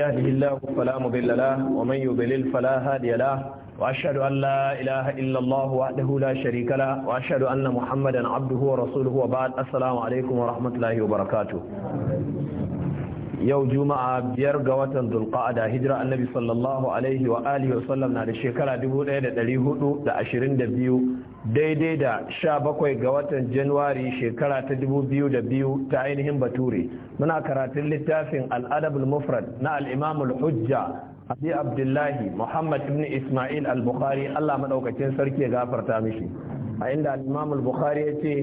يهده الله فلا مضل له ومن يضلل فلا هادي له واشهد ان لا اله الا الله وحده لا شريك له واشهد ان محمدا عبده ورسوله وبعد السلام عليكم ورحمه الله وبركاته yau juma'a biyar ga watan zulqa'ada hijira annabi sallallahu alaihi wa alihi wa sallam na da shekara 1422 daidai da 17 ga watan januwari shekara ta 2002 ta ainihin bature muna karatun littafin al'adabul mufrad na al'imamul hujja abi abdullahi muhammad ibn isma'il al-bukhari allah madaukakin sarki ya gafarta mishi a inda al'imamul bukhari ya ce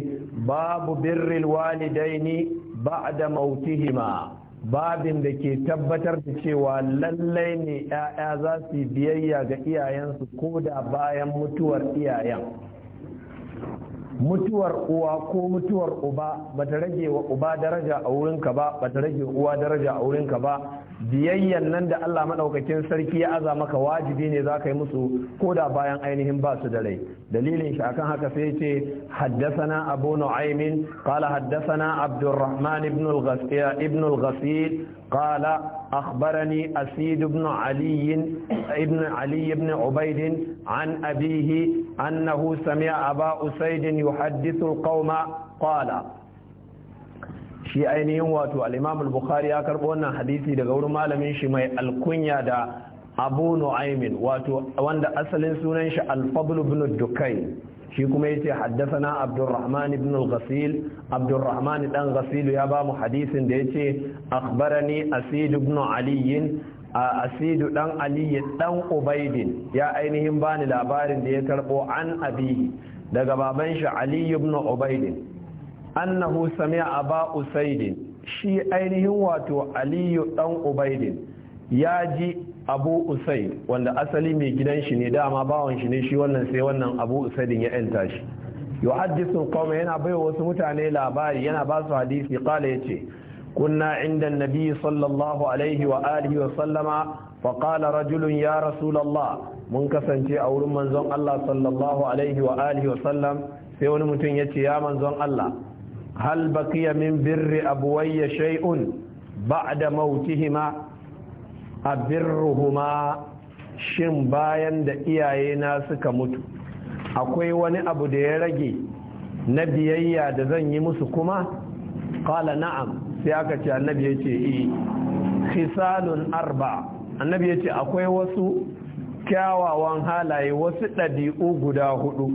babu birril walidaini ba'da mautihima babin da ke tabbatar da cewa lallai ne 'ya'ya za su biyayya ga iyayensu ko da bayan mutuwar iyayen mutuwar uwa ko mutuwar uba bata rage wa uba daraja a wurinka ba bata rage uwa daraja a wurinka ba biyayyan nan da Allah madaukakin sarki ya aza maka wajibi ne za ka yi musu ko da bayan ainihin ba su da rai dalilin shi akan haka sai ce haddasana abu nu'aymin qala haddasana abdurrahman ibn al-ghasil ibn al qala أخبرني أسيد بن علي ابن علي بن عبيد عن أبيه أنه سمع أبا أسيد يحدث القوم قال shi ainihin wato al al-Bukhari ya karbo wannan hadisi daga wurin malamin shi mai alkunya da Abu Nu'aymin wato wanda asalin sunan shi al bin dukai. shi kuma yace haddathana abdurrahman ibn al-ghasil abdurrahman dan ghasil ya ba mu hadisin da yace akhbarani asid ibn ali asid dan ali dan ubaidin ya ainihin bani labarin da ya karbo an abihi daga baban shi ali ibn ubaidin annahu sami'a aba usaidin shi ainihin wato aliyu dan ubaidin ya ji abu usai wanda asali mai gidan shi ne dama bawan shi ne shi wannan sai wannan abu usaidin ya yanta shi yuhaddisu qauma yana bai wasu mutane labari yana ba su hadisi qala yace kunna inda nabi sallallahu alaihi wa alihi wa sallama fa rajulun ya rasulullah mun kasance a wurin manzon Allah sallallahu alaihi wa alihi wa sallam sai wani mutum ce ya manzon Allah hal baqiya min birri abuwayya shay'un ba'da mautihima a birruhuma shin bayan da iyaye na suka mutu akwai wani abu da ya rage na biyayya da zan yi musu kuma kala na'am sai aka ce annabi ya ce i eh, khisalun arba annabi ya ce akwai wasu kyawawan halaye wasu ɗabi'u guda hudu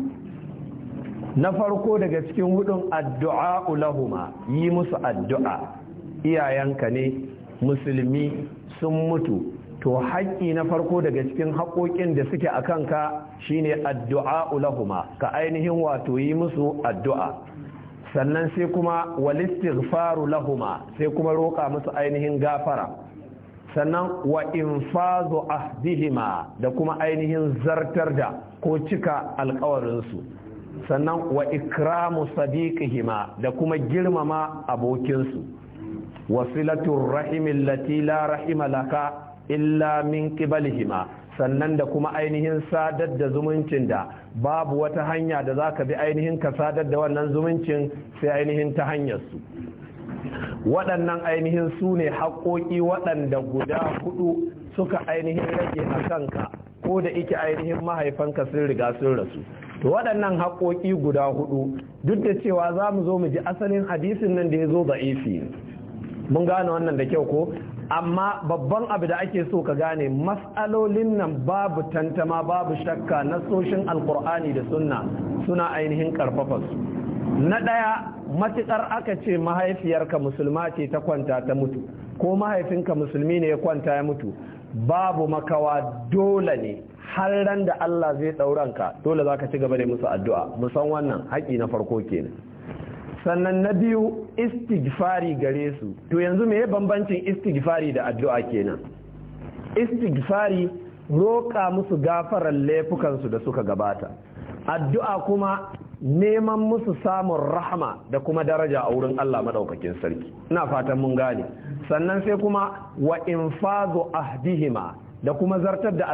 na farko daga cikin hudun addu'a ulahuma yi musu addu'a iyayenka ne musulmi sun mutu to haƙƙi na farko daga cikin haƙoƙin da suke a kanka shine addu'a ulahuma ka ainihin wato yi musu addu'a sannan sai kuma walistighfaru lahuma sai kuma roƙa musu ainihin gafara sannan wa infazu ahdihima da kuma ainihin zartar da ko cika alƙawarinsu sannan wa ikramu sadiqihima da kuma girmama abokinsu wasilatul rahimin lati la rahima laka illa min qibalihima sannan da kuma ainihin sadar da zumuncin da babu wata hanya da za ka bi ainihin ka sadar da wannan zumuncin sai ainihin ta hanyar su waɗannan ainihin su ne haƙoƙi waɗanda guda hudu suka ainihin rage a kanka ko da ike ainihin mahaifanka sun riga sun rasu to waɗannan haƙoƙi guda hudu duk da cewa za mu zo mu ji asalin hadisin nan da ya zo ne mun gane wannan da kyau ko amma babban abu da ake so ka gane matsalolin nan babu tantama babu shakka na nasoshin alkur'ani da sunna suna ainihin karfafa su na ɗaya matuƙar aka ce mahaifiyarka musulma ce ta kwanta ta mutu ko mahaifinka musulmi ne ya kwanta ya mutu babu makawa dole ne har ran da Allah zai ɗauranka dole za ka ci gaba da musu addu'a musan wannan haƙi na farko kenan sannan na biyu istighfari gare su to yanzu me bambancin istighfari da addu'a kenan istighfari roƙa musu gafaran laifukan su da suka gabata addu'a kuma neman musu samun rahama da kuma daraja a wurin Allah madaukakin sarki ina fatan mun gane sannan sai kuma wa infazu ahdihima da kuma zartar da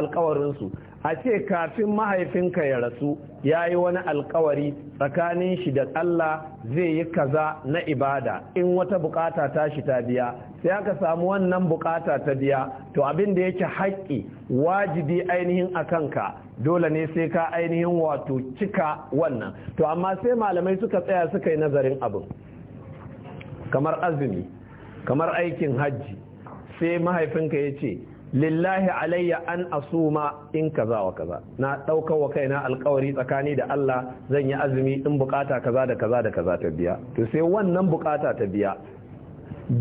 su. a ce kafin mahaifinka ya rasu ya yi wani alkawari tsakanin shi da Allah zai yi kaza na ibada in wata bukata ta shi ta biya sai aka samu wannan bukata ta biya to abin da yake haƙƙi wajibi ainihin a kanka dole ne sai ka ainihin wato cika wannan to amma sai malamai suka tsaya suka yi nazarin abin kamar azumi kamar aikin hajji sai mahaifinka ya ce lillahi alayya an asuma in kaza wa kaza na daukar wa kaina alkawari tsakani da Allah zan yi azumi in bukata kaza da kaza da kaza ta biya to sai wannan bukata ta biya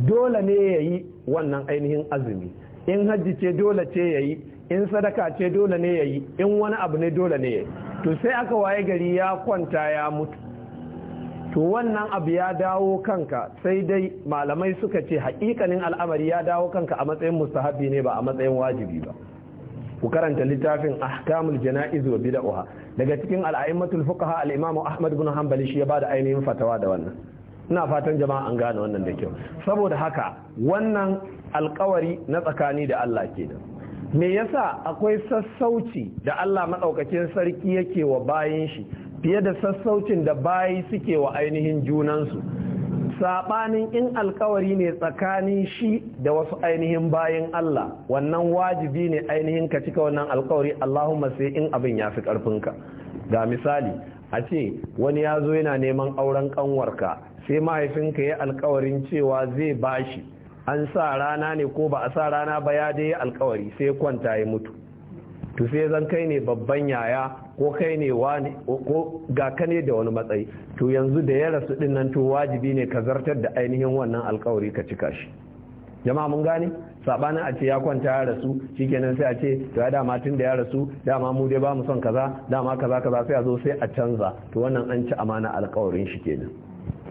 dole ne yayi wannan ainihin azumi in hajji ce dole ce yayi in sadaka ce dole ne yayi in wani abu ne dole ne yayi to sai aka waye gari ya kwanta ya mutu to wannan abu ya dawo kanka sai dai malamai suka ce haƙiƙanin al'amari ya dawo kanka a matsayin mustahabi ne ba a matsayin wajibi ba ku karanta littafin ahkamul jana'iz wa bid'ah daga cikin al'aimatul fuqaha al imamu Ahmad ibn hanbal shi ya bada ainihin fatawa da wannan ina fatan jama'a an gane wannan da kyau saboda haka wannan alƙawari na tsakani da Allah ke da. me yasa akwai sassauci da Allah madaukakin sarki yake wa bayin shi fiye da sassaucin da bayi suke wa ainihin junansu saɓanin in alkawari ne tsakanin shi da wasu ainihin bayan Allah wannan wajibi ne ainihin ka cika wannan alkawari Allahumma sai in abin ya fi ƙarfinka ga misali a ce wani ya zo yana neman auren ƙanwarka sai mahaifinka ya alkawarin cewa zai bashi an sa rana ne ko ba a sa rana ba ya dai alkawari sai kwanta ya mutu to sai zan kai ne babban yaya ko kai ne ko ga ka ne da wani matsayi to yanzu da ya rasu din nan to wajibi ne ka zartar da ainihin wannan alkawari ka cika shi jama'a mun gane sabanin a ce ya kwanta ya rasu shikenan sai a ce to ya dama tun da ya rasu dama mu dai ba mu son kaza dama kaza kaza sai a zo sai a canza to wannan an ci amana alkawarin shi kenan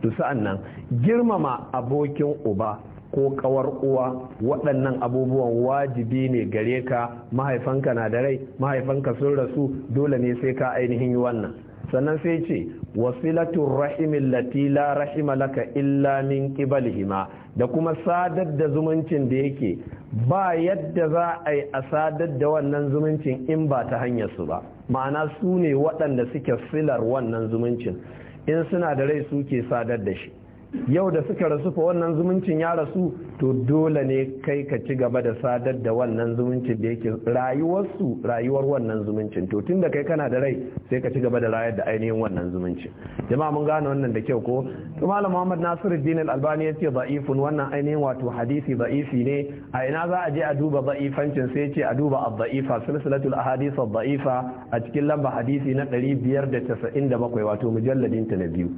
to sa'an nan girmama abokin uba ko kawar uwa waɗannan abubuwan wajibi ne gare ka mahaifanka na da rai mahaifanka sun rasu dole ne sai ka ainihin yi wannan sannan sai ce wasilatun rahimin lati la rahima laka illa min hima. da kuma sadar da zumuncin da yake ba yadda za a yi a sadar da wannan zumuncin in ba ta hanyar su ba ma'ana su ne waɗanda suke silar wannan zumuncin in suna da rai suke sadar da shi yau da suka rasu fa wannan zumuncin ya rasu to dole ne kai ka ci gaba da sadar da wannan zumuncin da yake rayuwarsu rayuwar wannan zumuncin to tun da kai kana da rai sai ka ci gaba da rayar da ainihin wannan zumuncin jama'a mun gane wannan da kyau ko to malam Muhammad Nasiruddin Al-Albani yace da'ifun wannan ainihin wato hadisi da'ifi ne a ina za a je a duba da'ifancin sai yace a duba ad-da'ifa silsilatul ahadith ad-da'ifa a cikin lamba hadisi na 597 wato mujalladin ta na biyu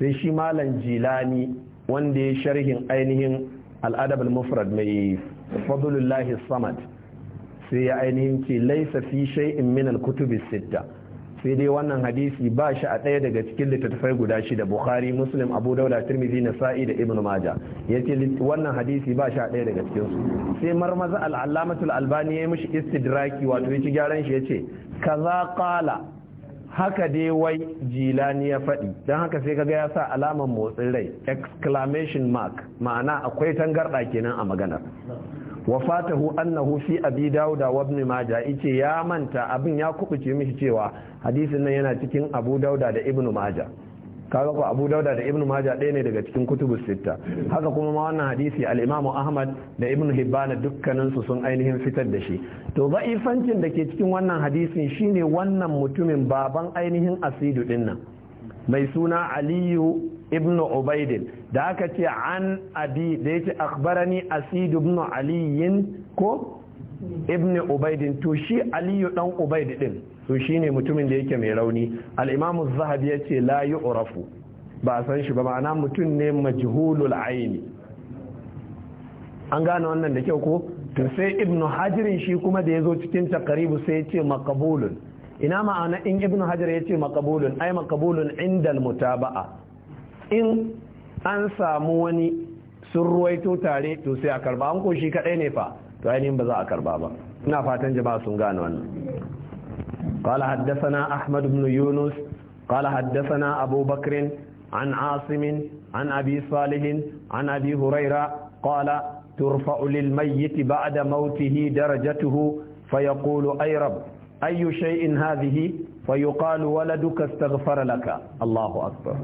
sai shi malam jilani wanda ya sharhin ainihin al'adab al-mufrad mai fadlullahi samad sai ya ainihin ce laisa fi shay'in min al-kutubi sitta sai dai wannan hadisi ba shi a ɗaya daga cikin littattafai guda shida bukhari muslim abu dauda tirmidhi nasa'i da ibnu maja yace wannan hadisi ba shi a ɗaya daga cikin su sai marmaza al-allamatul albani ya mishi istidraki wato yace gyaran shi yace kaza qala haka dai wai jilani ya faɗi don haka sai kaga ya sa alamar motsin rai exclamation mark ma'ana akwai tangarɗa kenan a maganar wa wafatahu annahu fi abi dauda wa ibn maja yace ya manta abin ya kubuce mishi cewa hadisin nan yana cikin abu dauda da ibn maja kaga ko Abu Dauda da Ibn Majah ɗaya ne daga cikin kutubu sitta haka kuma ma wannan hadisi al-Imam Ahmad da Ibn Hibban dukkanin su sun ainihin fitar da shi to ba'ifancin da ke cikin wannan hadisin shine wannan mutumin baban ainihin asidu din mai suna Aliyu ibn Ubaidin da aka ce an abi da yace akhbarani asidu ibn Aliyin ko ibn ubaidin to shi aliyu dan ubaid din to shine mutumin da yake mai rauni al-imam az-zahabi yace la urafu ba a san shi ba ma'ana mutum ne majhulul aini an gane wannan da kyau ko to sai ibnu hajirin shi kuma da ya zo cikin takaribu sai yace makabulun ina ma'ana in ibnu hajar ce makabulun ai makabulun inda mutaba'a in an samu wani sun ruwaito tare to sai a karba an ko shi kadai ne fa to ainihin ba za a karba ba ina fatan jama'a sun gane wannan قال حدثنا أحمد بن يونس قال حدثنا أبو بكر عن عاصم عن أبي صالح عن أبي هريرة قال ترفع للميت بعد موته درجته فيقول أي رب أي شيء هذه فيقال ولدك استغفر لك الله أكبر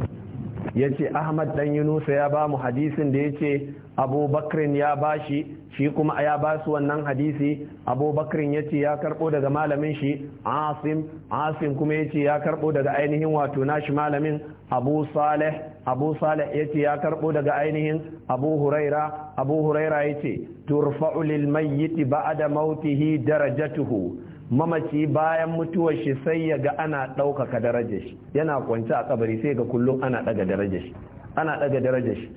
yace Ahmad dan Yunus ya ba mu hadisin da yace abubakrin ya bashi shi kuma ya basu wannan hadisi abubakrin ya ce ya karbo daga malamin shi asim asim kuma ya ce ya karbo daga ainihin wato nashi malamin abu saleh abu saleh ya ce ya karbo daga ainihin abu huraira abu huraira ya ce turfa'u lil mayyiti ba'da mautihi darajatuhu mamaci bayan mutuwar shi sai ya ga ana ɗaukaka darajar shi yana kwance a kabari sai ga kullum ana ɗaga darajar shi ana daga darajar shi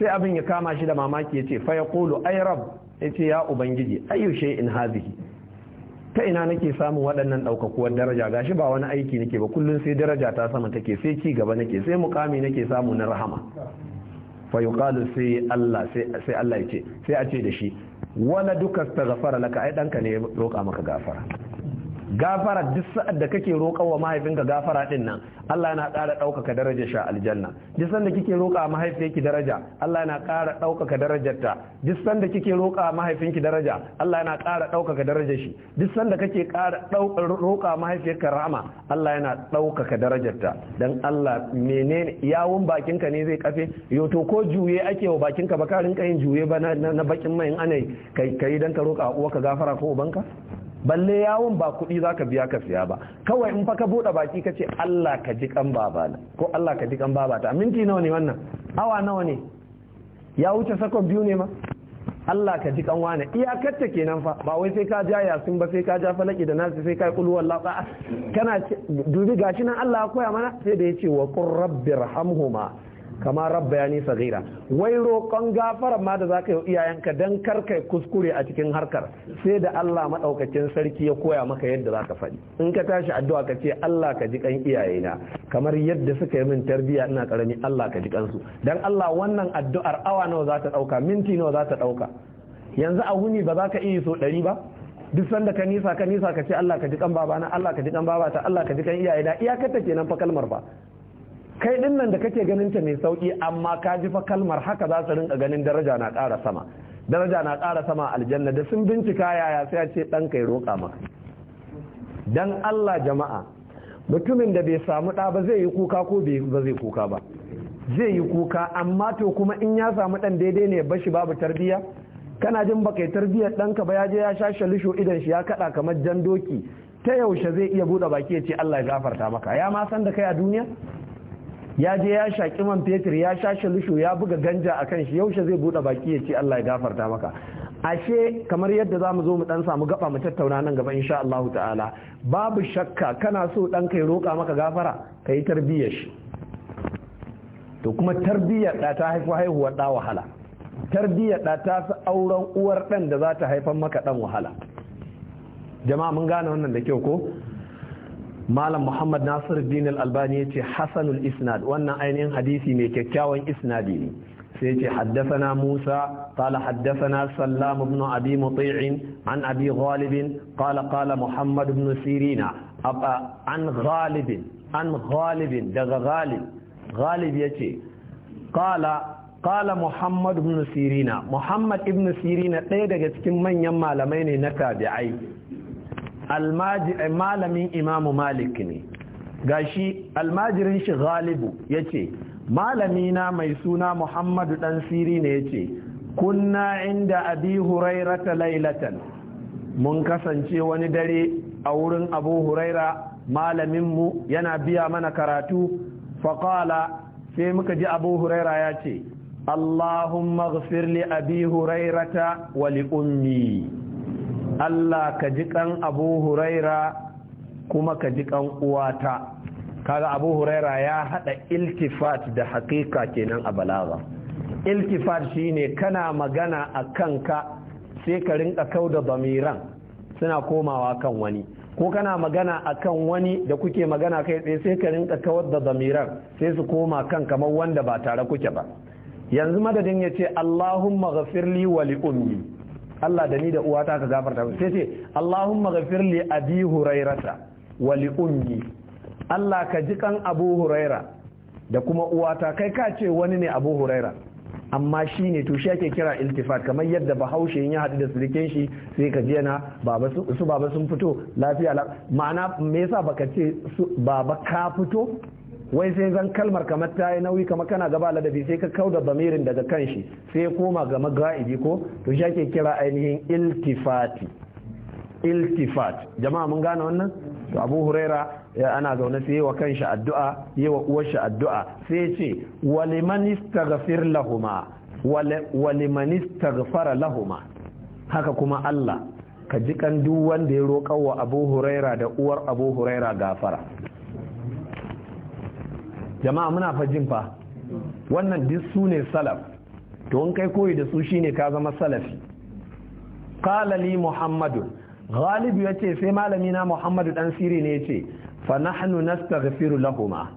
sai abin ya kama shi da mamaki ya ce fa ya kolo ai ya ce ya ubangiji ayyushe in hazihi ta ina nake samun waɗannan ɗaukakuwar daraja gashi ba wani aiki nake ba kullum sai daraja ta sama take sai ci gaba nake sai mukami nake samu na rahama fa yuqalu sai Allah sai Allah ya ce sai a ce da shi wala duka astaghfara laka ai ɗanka ne ya roƙa maka gafara gafara duk sa'ad da kake roƙa wa mahaifinka gafara din nan Allah yana ƙara ɗaukaka darajar sha aljanna duk sanda kike roƙa mahaifiyarki daraja Allah yana ƙara ɗaukaka darajarta duk sanda kike roƙa mahaifinki daraja Allah yana ƙara ɗaukaka darajar shi duk sanda kake ƙara roƙa mahaifiyarka rahama Allah yana ɗaukaka darajarta dan Allah menene yawun bakinka ne zai kafe yo to ko juye ake wa bakinka ba ka rinka yin juye ba na bakin mai in anai kai kai dan ka roƙa uwarka gafara ko ubanka balle yawon ba kuɗi za ka biya ka siya ba kawai in fa ka buɗe baki ka ce Allah ka ji kan na ko Allah ka ji kan babata minti nawa ne wannan awa nawa ne ya wuce sakon biyu ne ma Allah ka ji kan wane iyakar ta kenan fa ba wai sai ka ja yasin ba sai ka ja falaki da nasu sai ka yi kulu wallahu kana dubi gashi nan Allah ya koya mana sai da yace wa qur rabbirhamhuma kamar ya nisa zira wai roƙon gafara ma da za ka yi iyayenka don karkai kuskure a cikin harkar sai da Allah maɗaukacin sarki ya koya maka yadda za ka faɗi in ka tashi addu'a ka ce Allah ka ji kan iyayena kamar yadda suka yi min tarbiyya ina ƙarami Allah ka ji kansu dan Allah wannan addu'ar awa nawa za ta ɗauka minti nawa za ta ɗauka yanzu a wuni ba za ka iya so ɗari ba duk sanda ka nisa ka nisa ka ce Allah ka ji kan babana Allah ka ji kan babata Allah ka ji kan iyayena iyakar take kenan fa kalmar ba kai din nan da kake ganin ta mai sauki amma ka ji fa kalmar haka za su rinka ganin daraja na ƙara sama daraja na ƙara sama aljanna da sun bincika yaya sai a ce ɗan kai roƙa maka dan Allah jama'a mutumin da bai samu ɗa ba zai yi kuka ko ba zai kuka ba zai yi kuka amma to kuma in ya samu ɗan daidai ne bashi babu tarbiyya kana jin baka yi tarbiyyar ɗanka ba ya je ya sha shalisho idan shi ya kaɗa kamar jan doki ta yaushe zai iya buɗe baki ya ce Allah ya gafarta maka ya ma san da kai a duniya ya je ya shaƙi man fetur ya sha shalushu ya buga ganja a kan shi yaushe zai buɗe baki ya ce Allah ya gafarta maka ashe kamar yadda za mu zo mu ɗan samu gaba mu tattauna nan gaba insha Allah ta'ala babu shakka kana so dan kai roƙa maka gafara kai tarbiyyar shi to kuma tarbiyyar da ta haifa haihuwar da wahala tarbiyyar da ta fi auren uwar ɗan da za ta maka dan wahala jama'a mun gane wannan da kyau ko malam muhammad nasir din albani ya ce hasanul isnad wannan ainihin hadisi mai kyakkyawan isnadi ne sai ce haddasana musa qala haddasana sallam ibn abi muti'in an abi ghalib qala qala muhammad ibn sirina an ghalib an ghalib daga ghalib ghalib yace qala qala muhammad ibn sirina muhammad ibn sirina ɗaya daga cikin manyan malamai ne na tabi'ai Eh, malamin imamu malik ne gashi almajirin shi ghalibu ya ce malamina mai suna muhammadu ɗan siri ne ya ce kunna inda abi hurairata lailatan mun kasance wani dare a wurin abu huraira malaminmu yana biya mana karatu faƙala sai muka ji abu huraira ya ce allahumma ghafir li abi hurairata ta wali ummi Allah ka ji kan abu huraira kuma ka ji kan uwata kaga abu huraira ya hada iltifat da hakika kenan a balaga iltifat shine kana magana a kanka sai ka rinka kau da bamiran suna komawa kan wani ko kana magana a kan wani da kuke magana kai tsaye sai ka rinka kawar da zamirar sai su koma kan kamar wanda ba tare kuke ba yanzu madadin ya ce allahumma ghafirli wa li Allah da ni da uwata ka gafarta mu sai ce Allahumma ghafir li abi hurairata wa li ummi Allah ka ji kan Abu Huraira da kuma uwata kai ka ce wani ne Abu Huraira amma shi ne to shi ake kira iltifat kamar yadda bahaushe ya haɗu da sirikin shi sai ka je na baba su baba sun fito lafiya ma'ana me yasa baka ce baba ka fito wai sai zan kalmar kamar ta yi nauyi kamar kana gaba ladabi sai ka kau da bamirin daga kan shi sai ya koma ga maga'ibi ko to shi ake kira ainihin iltifati iltifat jama'a mun gane wannan to abu huraira ana zaune sai yi wa kanshi addu'a yi wa uwarshi addu'a sai ce waliman istaghfir lahuma lahuma haka kuma Allah ka ji kan duk wanda ya roƙa wa Abu Huraira da uwar Abu Huraira gafara jama'a muna fa jin fa wannan duk su ne salaf to in kai koyi da su shine ka zama salafi qala li muhammadun ghalib yace sai malami na muhammadu dan siri ne yace fa nahnu nastaghfiru lahuma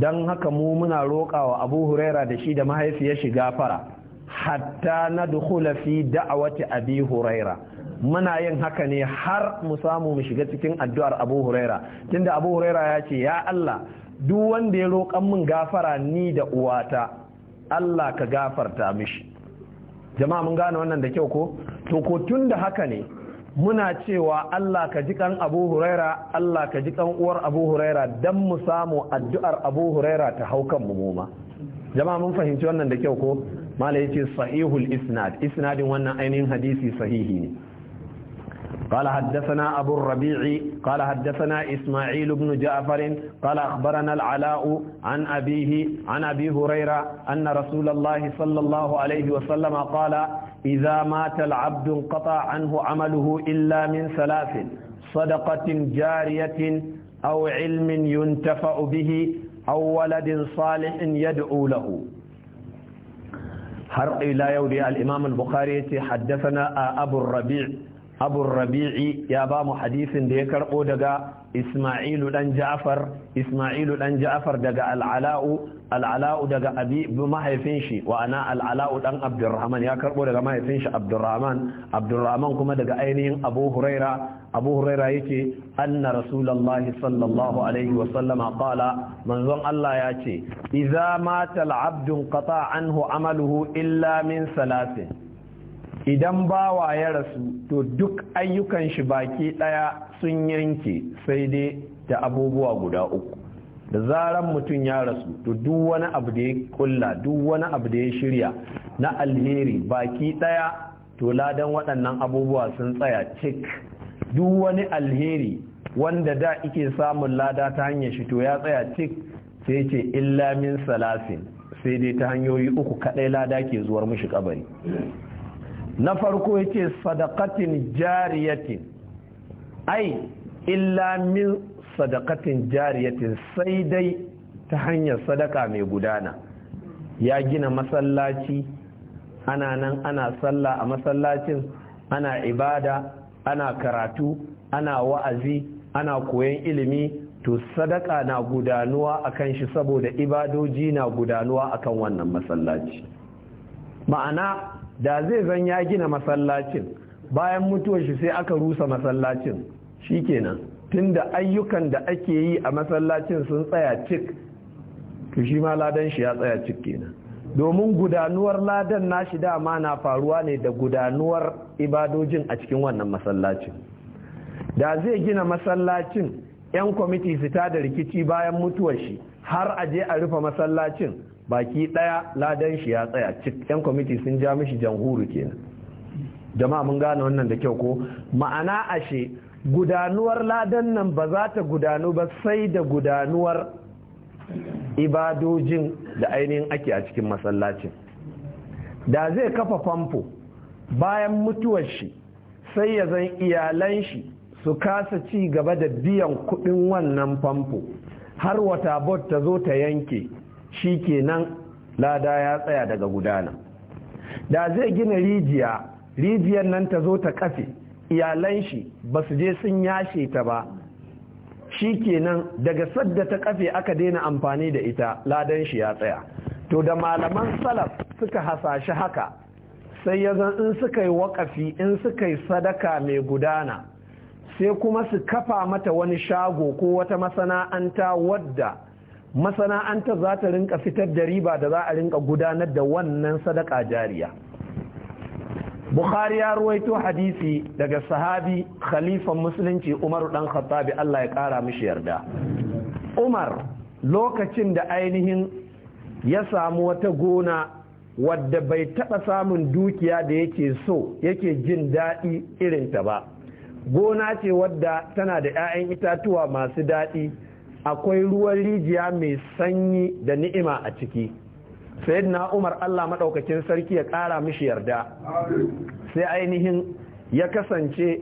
dan haka mu muna roƙawa abu huraira da shi da mahaifiyar shi gafara hatta na nadkhula fi da'wati abi huraira muna yin haka ne har mu samu mu shiga cikin addu'ar abu huraira tunda abu huraira ya ce ya Allah duk wanda ya roƙan min gafara ni da uwata Allah ka gafarta mishi jama'a mun gane wannan da kyau ko to ko tun da haka ne muna cewa Allah ka ji kan Abu Huraira Allah ka ji kan uwar Abu Huraira dan mu samu addu'ar Abu Huraira ta haukan mu moma jama'a mun fahimci wannan da kyau ko malai yace sahihul isnad isnadin wannan ainihin hadisi sahihi ne قال حدثنا أبو الربيع قال حدثنا إسماعيل بن جعفر قال أخبرنا العلاء عن أبيه عن أبي هريرة أن رسول الله صلى الله عليه وسلم قال إذا مات العبد انقطع عنه عمله إلا من ثلاث صدقة جارية أو علم ينتفع به أو ولد صالح يدعو له har إلى yau الإمام البخاري حدثنا أبو الربيع abu rabi'i ya ba mu hadisin da ya karɓo daga isma'ilu ɗan ja'far isma'ilu ɗan ja'far daga al'ala'u al'ala'u daga abi mahaifin shi wa ana al'ala'u ɗan abdurrahman ya karbo daga mahaifin shi abdurrahman abdurrahman kuma daga ainihin abu huraira abu huraira yake anna rasulullahi sallallahu alaihi wa sallama qala manzon Allah ya ce idza mata al'abdu qata anhu amaluhu illa min salasin idan bawa ya rasu to duk ayyukan shi baki ɗaya sun yanke sai dai da abubuwa guda uku da zaran mutum ya rasu to duk wani abu da ya kulla duk wani abu da ya shirya na alheri baki ɗaya to ladan waɗannan abubuwa sun tsaya cik duk wani alheri wanda da ike samun lada ta hanyar shi to ya tsaya cik sai ce illa salasin sai dai ta hanyoyi uku kaɗai lada ke zuwar mushi kabari na farko ya ce sadakatin jariyatin ai illa min sadakatin jariyatin sai dai ta hanyar sadaka mai gudana ya gina masallaci ana nan ana sallah a masallacin ana ibada ana karatu ana wa'azi ana koyon ilimi to sadaka na gudanuwa akan shi saboda ibadoji na gudanuwa akan wannan masallaci ma'ana da zai zan ya gina masallacin bayan mutuwar shi sai aka rusa masallacin shikenan tunda ayyukan da ake yi a masallacin sun tsaya cik to shi ma ladan shi ya tsaya cik kenan domin gudanuwar ladan nashi dama na faruwa ne da gudanuwar ibadojin a cikin wannan masallacin da zai gina masallacin 'yan kwamiti su ta da rikici bayan mutuwar shi har a je a rufe masallacin baki daya ladan shi ya tsaya yan kwamiti sun ja mishi jamhuri kenan jama'a mun gane wannan da kyau ko ma'ana ashe gudanuwar ladan nan ba za ta gudanu ba sai da gudanuwar ibadojin da ainihin ake a cikin masallacin da zai kafa famfo bayan mutuwar shi sai ya zan iyalan shi su kasa ci gaba da biyan kudin wannan famfo har wata bot ta zo ta yanke Shikenan lada ya tsaya daga gudana da zai gina rijiya rijiyar nan ta zo ta kafe iyalan shi ba su je sun yashe ta ba shi kenan daga sadda ta kafe aka daina amfani da ita ladan shi ya tsaya to da malaman salaf suka hasashe haka sai ya zan in suka yi wakafi in suka yi sadaka mai gudana sai kuma su kafa mata wani shago ko wata masana'anta wadda masana'antar za ta rinka fitar da riba da za a rinka gudanar da wannan sadaka jariya bukhari ya ruwaito hadisi daga sahabi khalifan musulunci umaru dan khattabi Allah ya ƙara mishi yarda umar lokacin da ainihin ya samu wata gona wadda bai taɓa samun dukiya da yake so yake jin daɗi irinta ba gona ce wadda tana da 'ya'yan itatuwa masu daɗi akwai ruwan rijiya mai sanyi da ni'ima a ciki na umar allah maɗaukakin sarki ya ƙara mishi yarda sai ainihin ya kasance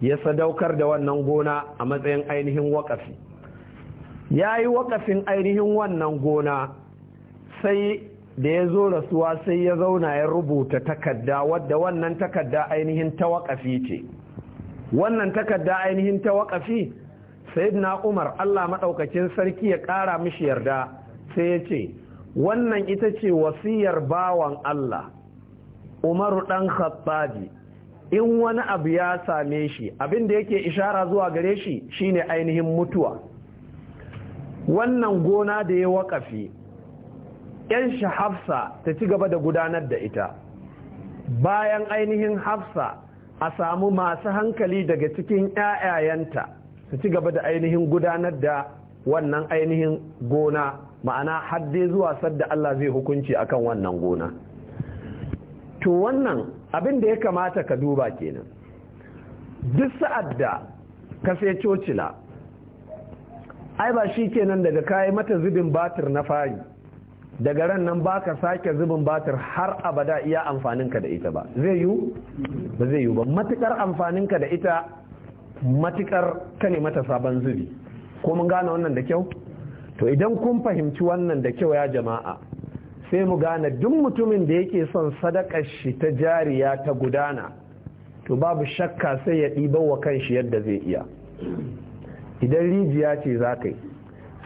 ya sadaukar da wannan gona a matsayin ainihin wakafi ya yi wakafin ainihin wannan gona sai da ya zo rasuwa sai ya zauna ya rubuta takadda wadda wannan takadda ainihin ta wakafi ce wannan takadda ainihin ta wakafi na umar allah Maɗaukacin sarki ya ƙara mishi yarda sai ya ce wannan ita ce wasiyar bawan allah umaru ɗan khattabi in wani abu ya same shi abin da yake ishara zuwa gare shi shine ainihin mutuwa wannan gona da ya waƙafi yan shi hafsa ta ci gaba da gudanar da ita bayan ainihin hafsa a samu masu hankali daga cikin 'ya'yayanta su ci gaba da ainihin gudanar da wannan ainihin gona ma'ana hadde zuwa sadda Allah zai hukunci akan wannan gona to wannan abin da ya kamata ka duba kenan duk sa'ad da ka sai cocila ai ba shi kenan daga kayi mata zubin batir na fari daga ran nan baka sake zubin batir har abada iya amfaninka da ita ba zai yiwu ba zai yiwu ba matukar amfaninka da ita matukar ka ne mata sabon zubi ko mun gane wannan da kyau to idan kun fahimci wannan da kyau ya jama'a sai mu gane duk mutumin da yake son sadakar shi ta jariya ta gudana to babu shakka sai ya ɗiba wa kanshi yadda zai iya idan rijiya ce za ka yi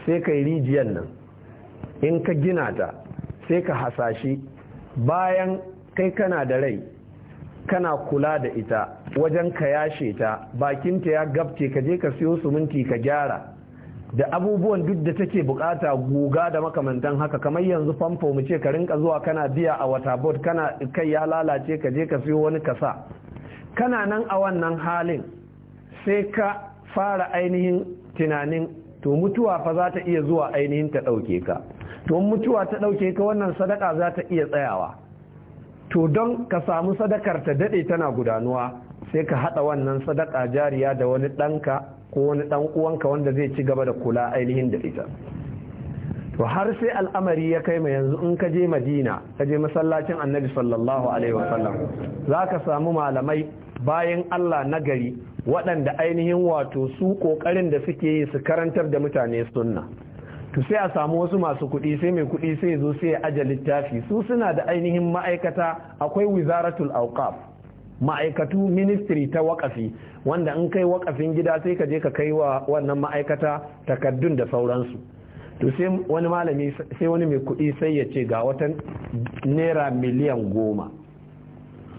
sai ka yi rijiyan nan in ka gina ta sai ka hasashi bayan kai kana da rai kana kula da ita wajen ka yashe ta bakinta ya gabce ka je ka siyo suminti ka gyara da abubuwan duk da take bukata guga da makamantan haka kamar yanzu famfo mu ce ka rinka zuwa kana biya a wata bot kana kai ya lalace ka je ka siyo wani kasa kana nan a wannan halin sai ka fara ainihin tunanin to mutuwa fa za ta iya zuwa ainihin ta ɗauke ka to mutuwa ta ɗauke ka wannan sadaka za ta iya tsayawa to don ka samu sadakar ta daɗe tana gudanuwa sai ka haɗa wannan sadaka jariya da wani ɗanka ko wani ɗan uwanka wanda zai ci gaba da kula ainihin da ita to har sai al'amari ya kai ma yanzu in ka je madina ka je masallacin annabi sallallahu alaihi wasallam za ka samu malamai bayan allah nagari waɗanda ainihin wato su ƙoƙarin da suke yi su karantar da mutane sunna to sai a samu wasu masu kuɗi sai mai kuɗi sai zo sai aje littafi su suna da ainihin ma'aikata akwai wizaratul auqaf ma'aikatu ministry ta wakafi wanda in kai wakafin gida sai ka je ka kai wa wannan ma'aikata takardun da sauransu to sai wani malami sai wani mai kuɗi sai ya ce ga wata naira miliyan goma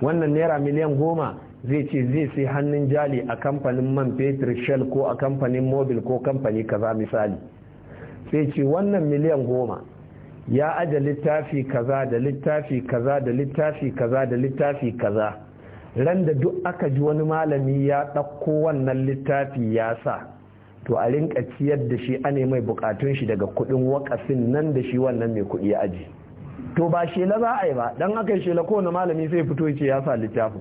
wannan naira miliyan goma zai ce zai sai hannun jali a kamfanin man fetur shell ko a kamfanin mobil ko kamfani kaza misali sai ce wannan miliyan goma ya aje littafi kaza da littafi kaza da littafi kaza da littafi kaza ran da duk aka ji wani malami ya ɗauko wannan littafi ya sa to a rinka ciyar da shi ane mai bukatun shi daga kudin wakasin nan da shi wannan mai kudi ya aji to ba shela za a yi ba dan aka yi shela kowane malami sai fito ce ya sa littafin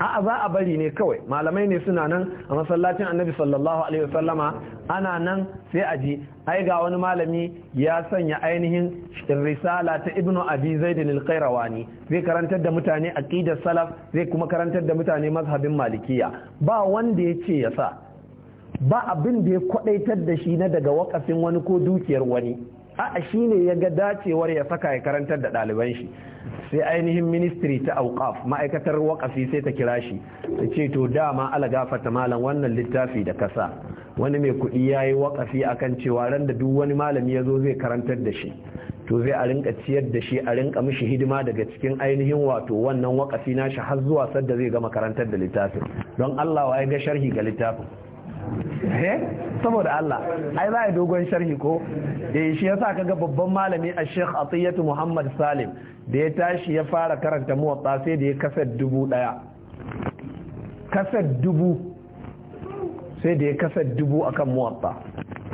a'a za a bari ne kawai malamai ne suna nan a masallacin annabi sallallahu alaihi wasallama ana nan sai a ji ai ga wani malami ya sanya ainihin risala ta ibnu abi zaidin al-qayrawani zai karantar da mutane aqidar salaf zai kuma karantar da mutane mazhabin malikiya ba wanda ya ce ya sa ba abin da ya kwadaitar da shi na daga wakafin wani ko dukiyar wani a'a shi ne ya ga dacewar ya saka ya karantar da ɗaliban shi sai ainihin ministry ta auqaf ma'aikatar waƙafi sai ta kira shi ta ce to dama ala gafata malam wannan littafi da kasa wani mai kuɗi ya yi waƙafi akan cewa ran da duk wani malami ya zo zai karantar da shi to zai a rinka ciyar da shi a rinka mishi hidima daga cikin ainihin wato wannan waƙafi nashi har zuwa sadda zai gama karantar da littafin don allah wa ya ga sharhi ga littafin eh saboda Allah ai za yi dogon sharhi ko eh, ya shi yasa kaga babban malami a Sheikh Atiyatu Muhammad Salim da ya tashi ya fara karanta muwatta sai da ya kasar dubu daya kasar dubu sai da ya kasar dubu akan muwatta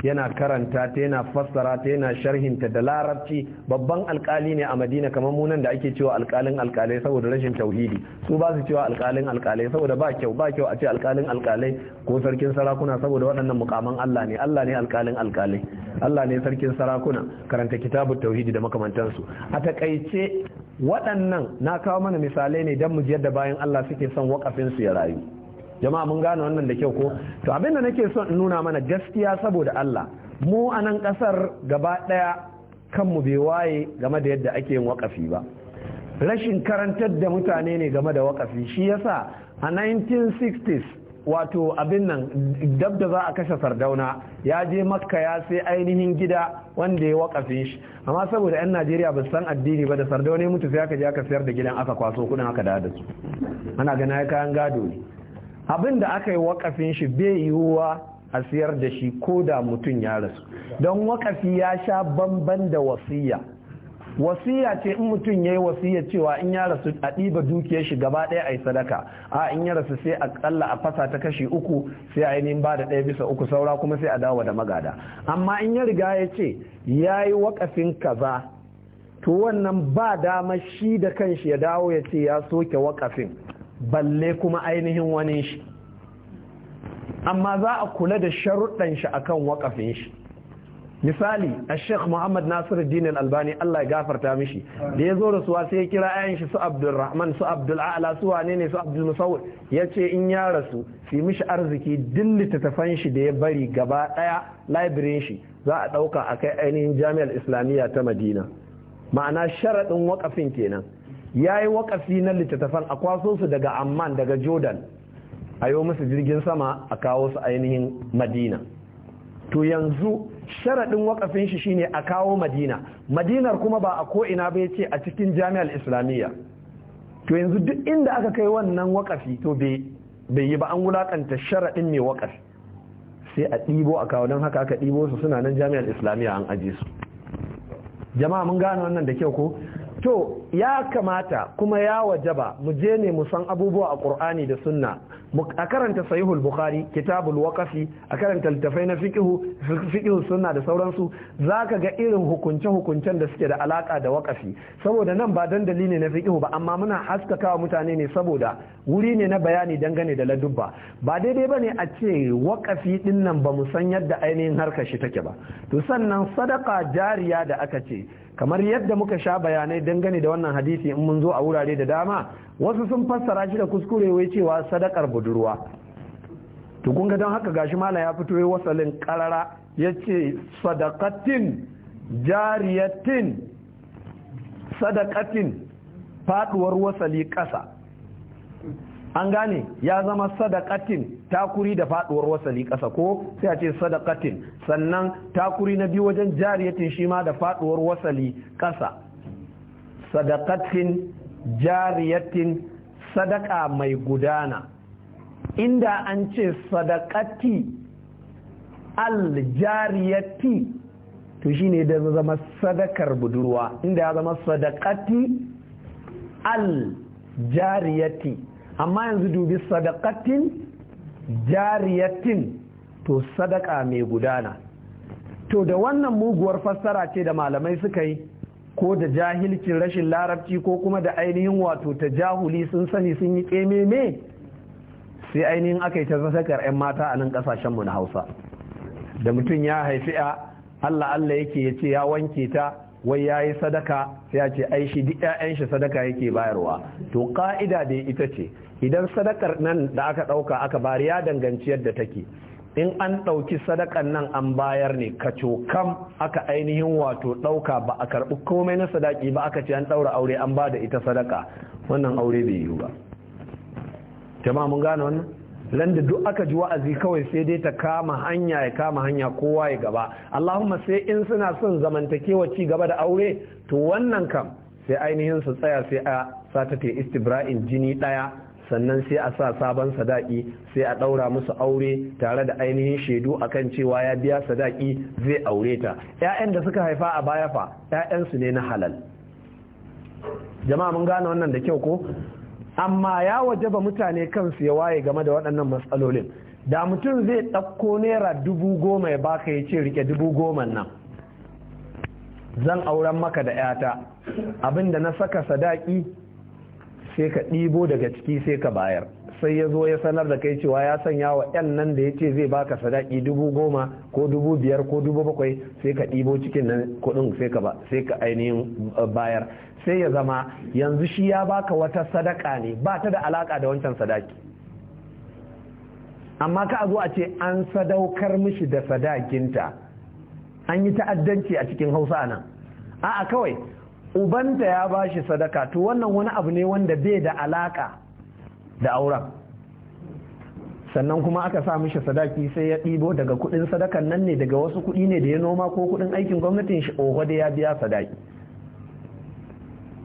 yana karanta ta yana fassara ta yana sharhinta da larabci babban alkali ne a madina kamar munan da ake cewa alkalin alkalai saboda rashin tauhidi su ba su cewa alkalin alkalai saboda ba kyau ba kyau a ce alkalin alkalai ko sarkin sarakuna saboda waɗannan mukaman Allah ne Allah ne alkalin alkalai Allah ne sarkin sarakuna karanta kitabut tauhidi da makamantansu a takaice waɗannan na kawo mana misalai ne don mu ji yadda bayan Allah suke son wakafin su ya rayu jama'a mun gane wannan da kyau ko to abin da nake son in nuna mana gaskiya saboda Allah mu a nan kasar gaba daya kanmu bai waye game da yadda ake yin wakafi ba rashin karantar da mutane ne game da wakafi shi yasa a 1960s wato abin nan dab da za a kashe sardauna ya je makka ya sai ainihin gida wanda ya wakafi shi amma saboda 'yan najeriya ba san addini ba da sardauna mutu sai aka je aka sayar da gidan aka kwaso kudin aka da su ana gana ya kayan gado ne abin da aka yi wakafin shi bai yiwuwa a siyar da shi ko da mutum ya rasu don wakafi ya sha bamban da wasiya wasiya ce in mutum ya yi wasiya cewa in ya rasu a ɗiba dukiyar shi gaba ɗaya a yi sadaka a in ya rasu sai a ƙalla a fasa ta kashi uku sai a yi ba da ɗaya bisa uku saura kuma sai a dawo da magada amma in ya riga ya ce ya yi wakafin kaza to wannan ba dama shi da kanshi ya dawo ya ce ya soke wakafin balle kuma ainihin wani shi amma za a kula da sharuɗan shi akan wakafin shi misali a sheikh muhammad nasiru dinar albani allah ya gafarta mishi da ya zo da rasuwa sai ya kira ayan shi su abdulrahman su abdul'ala su wane ne su abdulmusawar ya ce in ya rasu fi mishi arziki din littattafan shi da ya bari gaba ɗaya labirin shi za a ɗauka a kai ainihin jami'ar islamiyya ta madina ma'ana sharaɗin wakafin kenan ya yi wakafi na littattafan a kwaso su daga amman daga jordan a yi musu jirgin sama a kawo su ainihin madina to yanzu sharaɗin wakafin shi shine a kawo madina madinar kuma ba a ko'ina bai ce a cikin jami'ar islamiyya to yanzu duk inda aka kai wannan wakafi to bai yi ba an wulakanta sharaɗin mai wakafi sai a ɗibo a kawo don haka aka ɗibo su suna nan jami'ar islamiyya an aje su jama'a mun gane wannan da kyau ko to ya kamata kuma ya wajaba mu je ne mu san abubuwa a qur'ani da sunna a karanta sahihul bukhari kitabul waqafi a karanta littafai na fiqhu fiqhu sunna da sauransu zaka ga irin hukunce hukuncen da suke da alaka da waqafi saboda nan ba dandali ne na fiqhu ba amma muna haskakawa mutane ne saboda wuri ne na bayani dangane da ladubba ba daidai bane a ce waqafi din nan ba mu san yadda ainihin harkar shi take ba to sannan sadaka jariya da aka ce kamar yadda muka sha bayanai dangane da wannan hadisi in mun zo a wurare da dama wasu sun fassara shi da kuskure wai cewa sadakar budurwa to kun ga don haka gashi mala ya fito wasalin karara yace sadaqatin jariyatin sadaqatin faduwar wasali ƙasa. an gane ya zama sadakatin takuri da faduwar wasali ƙasa ko sai a ce sadakatin sannan takuri na biyu wajen jariyatin shi ma da faduwar wasali ƙasa sadakatin jariyatin sadaka mai gudana inda an ce sadakati aljariyati to shine da zama sadakar budurwa inda ya zama sadakati aljariyati amma yanzu dubi sadakatin jariyatin to sadaka mai gudana to da wannan muguwar fassara ce da malamai suka yi ko da jahilcin rashin larabci ko kuma da ainihin wato ta jahuli sun sani sun yi tsememe sai ainihin aka yi ta zasakar 'yan mata a nan kasashenmu na hausa da mutum ya haifi a allah allah yake ya ce ya wanke ta wai ya yi sadaka sai ce ai shi duk 'ya'yan shi sadaka yake bayarwa to ka'ida da ita ce idan sadakar nan da aka ɗauka aka bari ya danganci yadda take in an ɗauki sadakar nan an bayar ne kaco kam aka ainihin wato ɗauka ba a karɓi komai na sadaki ba aka ce an ɗaura aure an ba da ita sadaka wannan aure bai yiwu ba jama'a mun gane wannan lan da duk aka ji wa'azi kawai sai dai ta kama hanya ya kama hanya kowa ya gaba Allahumma sai in suna son zamantakewa ci gaba da aure to wannan kam sai ainihin su tsaya sai a sata ta istibra'in jini daya sannan sai a sa sabon sadaki sai a daura musu aure tare da ainihin shaidu akan cewa ya biya sadaki zai aure ta 'ya'yan da suka haifa a baya fa su ne na halal jama'a mun gane wannan da kyau ko amma ya wajaba mutane kansu ya waye game da waɗannan matsalolin da mutum zai ɗauko naira dubu goma ya baka ya ce rike dubu goma nan zan auren maka da 'yata abinda na saka sadaki sai ka ɗibo daga ciki sai ka bayar sai ya zo ya sanar da kai cewa ya sanya wa 'yan nan da ya ce zai baka sadaki dubu goma ko dubu biyar ko dubu bakwai sai ka ɗibo cikin nan kuɗin sai ka ainihin eh, bayar sai ya zama yanzu shi ya baka wata sadaka ne ba ta da alaka da wancan sadaki amma ka a zo a ce an sadaukar mishi da sadakinta an yi ta'addanci a cikin hausa nan a'a kawai ubanta ya bashi sadaka to wannan wani abu ne wanda bai da alaka da auren sannan kuma aka sa mishi sadaki sai ya ɗibo daga kuɗin sadakan nan ne daga wasu kuɗi ne da ya noma ko kuɗin aikin gwamnatin shi oho ya biya sadaki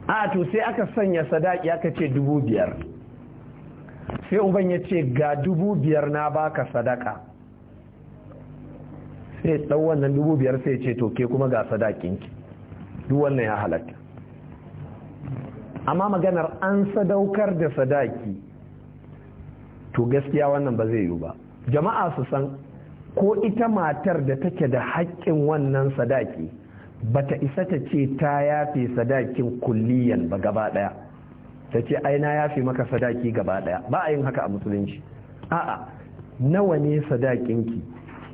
a to sai aka sanya sadaki aka ce dubu biyar sai uban ya ce ga dubu biyar na baka sadaka sai dan wannan dubu biyar sai ce to ke kuma ga sadakinki duk wannan ya halatta amma maganar an sadaukar da sadaki to gaskiya wannan ba zai yiwu ba jama'a su san ko ita matar da take da haƙƙin wannan sadaki bata isa ta ce ta yafe sadakin kulliyan ba gaba daya ta ce ai yafe maka sadaki gaba daya ba a yin haka a musulunci a'a nawa ne sadakinki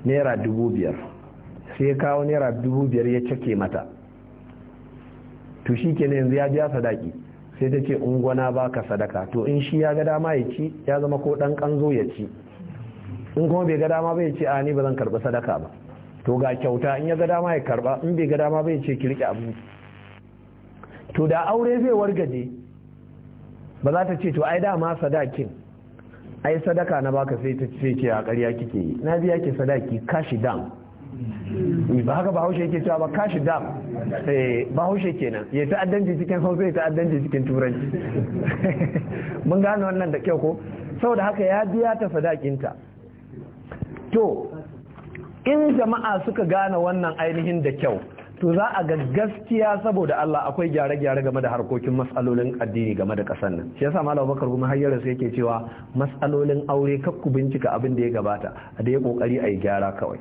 naira dubu biyar sai ya kawo naira dubu biyar ya cake mata to shi kenan yanzu ya biya sadaki sai ta ce ungwana ka sadaka to in shi ya ga dama ya ci ya zama ko dan kanzo ya ci in kuma bai ga dama bai ce a ni ba zan karɓi sadaka ba to ga kyauta in ya ga dama ya karba in bai ga dama bai ce ki rike abu to da aure zai wargaje ba za ta ce to ai dama sadakin ai sadaka na baka sai ta ce ce a ƙarya kike yi na biya ke sadaki kashi dam ba haka bahaushe yake cewa ba kashi dam eh, bahaushe kenan ya ta'addanci cikin hausa ya ta'addanci cikin turanci mun gane wannan da kyau ko saboda haka ya biya ta sadakinta to in jama'a suka gane wannan ainihin da kyau to za a ga gaskiya saboda Allah akwai gyare-gyare game da harkokin matsalolin addini game da ƙasar nan shi yasa malam bakar kuma hayyar sai yake cewa matsalolin aure kar ku bincika abin da ya gabata a da ya kokari a yi gyara kawai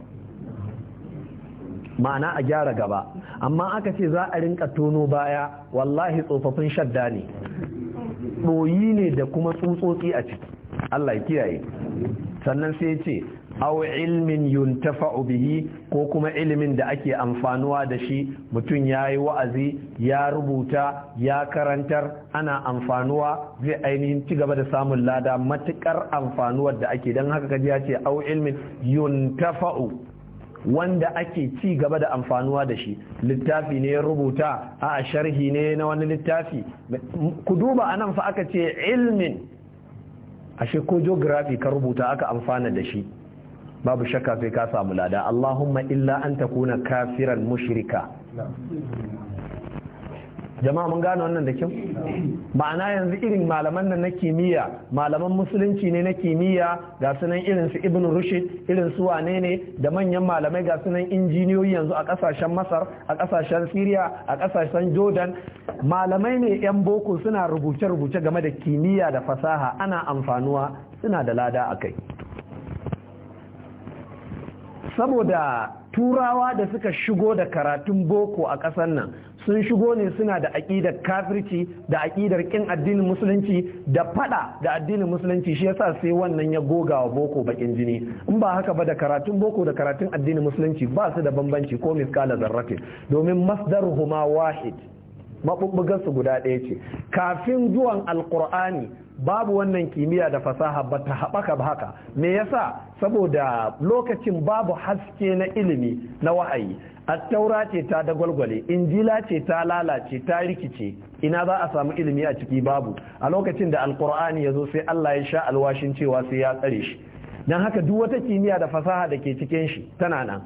ma'ana a gyara gaba amma aka ce za a rinka tono baya wallahi tsofaffin shadda ne boyi ne da kuma tsutsotsi a ciki Allah ya kiyaye sannan sai ya ce aw ilmin yuntafa'u bihi ko kuma ilimin da ake amfanuwa da shi mutum ya yi wa'azi ya rubuta ya karantar ana amfanuwa zai ainihin ci gaba da samun lada matukar amfanuwar da ake don haka gaji ya ce aw ilmin yuntafa'u wanda ake ci gaba da amfanuwa da shi littafi ne ya rubuta a sharhi ne na wani littafi ku duba anan fa aka ce ilmin ashe ko geography ka rubuta aka amfana da shi babu shakka sai ka samu lada Allahumma illa an takuna kafiran mushrika jama'a mun gane wannan da kyau ma'ana yanzu irin malaman nan na kimiyya malaman musulunci ne na kimiyya ga sunan irin su ibn rushd irin su wane ne da manyan malamai ga sunan injiniyoyi yanzu a kasashen masar a kasashen syria a kasashen jordan malamai ne yan boko suna rubuce-rubuce game da kimiyya da fasaha ana amfanuwa suna da lada a kai saboda turawa da suka shigo da karatun boko a ƙasar nan sun shigo ne suna da aƙidar kafirci da aƙidar ƙin addinin musulunci da fada da addinin musulunci shi yasa sai wannan ya goga wa boko bakin jini in ba haka ba da karatun boko da karatun addinin musulunci ba su da bambanci ko miskala zarratin domin masdar masdaruhuma wahid su guda ɗaya ce kafin zuwan alkur'ani babu wannan kimiyya da fasaha ba ta haɓaka ba haka me yasa saboda lokacin babu haske na ilimi na wa'ayi attaura ce ta dagwalgwale injila ce ta lalace ta rikice ina za a samu ilimi a ciki babu a lokacin da alkur'ani ya zo sai allah ya sha alwashin cewa sai ya tsare shi don haka duk wata kimiyya da fasaha da ke cikin shi tana nan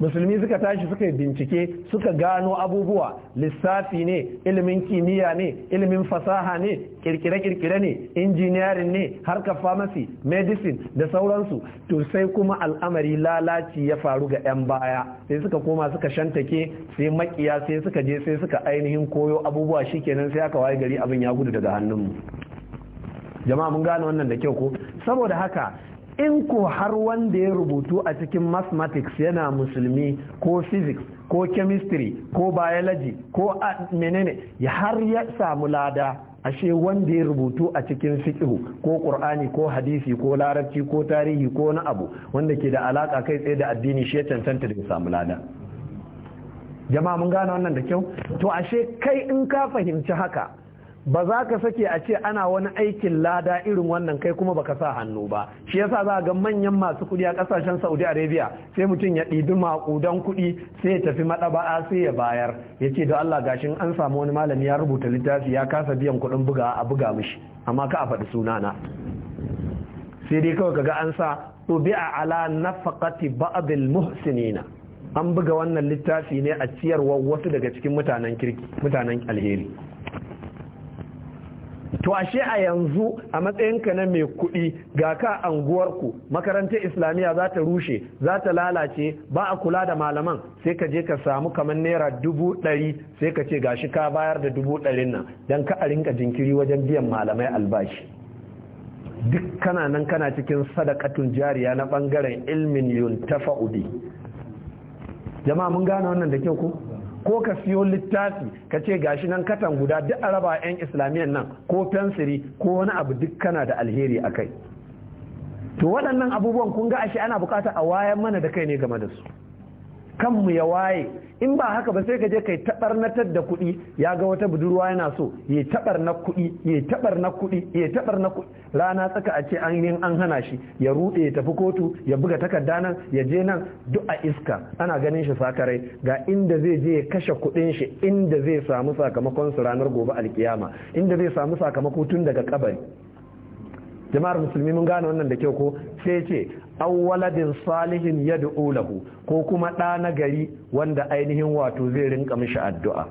musulmi suka tashi suka bincike suka gano abubuwa lissafi ne ilimin kimiyya ne ilimin fasaha ne kirkire-kirkire ne injiniyarin ne harka pharmacy medicine da sauransu to sai kuma al'amari lalaci ya faru ga 'yan baya sai suka koma suka shantake sai makiya sai suka je sai suka ainihin koyo abubuwa shi kenan sai aka waye gari abin ya gudu daga hannunmu jama'a mun gane wannan da kyau ko saboda haka in ko har wanda ya rubutu a cikin mathematics yana musulmi ko physics ko chemistry ko biology ko ah, menene ya har ya samu lada ashe wanda ya rubutu a cikin fiqhu ko qur'ani ko hadisi ko larabci ko tarihi ko wani abu wanda ke da alaka kai tsaye da addini shi ya cancanta da ya samu lada jama'a mun gane wannan da kyau to ashe kai in ka fahimci haka ba za ka sake a ce ana wani aikin lada irin wannan kai kuma baka sa hannu ba shi yasa za ga manyan masu kuɗi a kasashen Saudi Arabia sai mutum ya ɗibi maƙudan kuɗi sai ya tafi maɗaba'a sai ya bayar ya ce da Allah gashin an samu wani malami ya rubuta littafi ya kasa biyan kuɗin buga a buga mishi amma ka a faɗi sunana sai dai kawai ga an sa a ala nafaqati ba'd muhsinina an buga wannan littafi ne a ciyarwa wasu daga cikin mutanen alheri to ashe a yanzu a matsayinka na mai kuɗi ga ka anguwarku makarantar islamiyya za ta rushe za ta lalace ba a kula da malaman sai ka je ka samu kamar naira dubu ɗari sai ka ce gashi ka bayar da dubu ɗarin nan don ka a rinka jinkiri wajen biyan malamai albashi duk kana nan kana cikin sadakatun jariya na bangaren ilmin yuntafa ubi jama'a mun gane wannan da kyau ko ko ka siyo littafi ka ce gashi nan katan guda duk a raba 'yan islamiyan nan ko fensiri ko wani abu duk kana da alheri a kai to waɗannan abubuwan kun ga ashe ana bukata a wayan mana da kai ne game da su kanmu ya waye in ba haka ba sai ka je kai tabarnatar da kuɗi ya ga wata budurwa yana so ya na kuɗi ya na kuɗi ya na kuɗi rana tsaka a ce an an hana shi ya rude ya tafi kotu ya buga takarda nan ya je nan duk a iska ana ganin shi sakarai ga inda zai je ya kashe kuɗin shi inda zai samu sakamakon su ranar gobe alkiyama inda zai samu sakamako tun daga kabari jama'ar musulmi mun gane wannan da kyau ko sai ce awwaladin salihin yad'u lahu ko kuma ɗa na gari wanda ainihin wato zai rinka mishi addu'a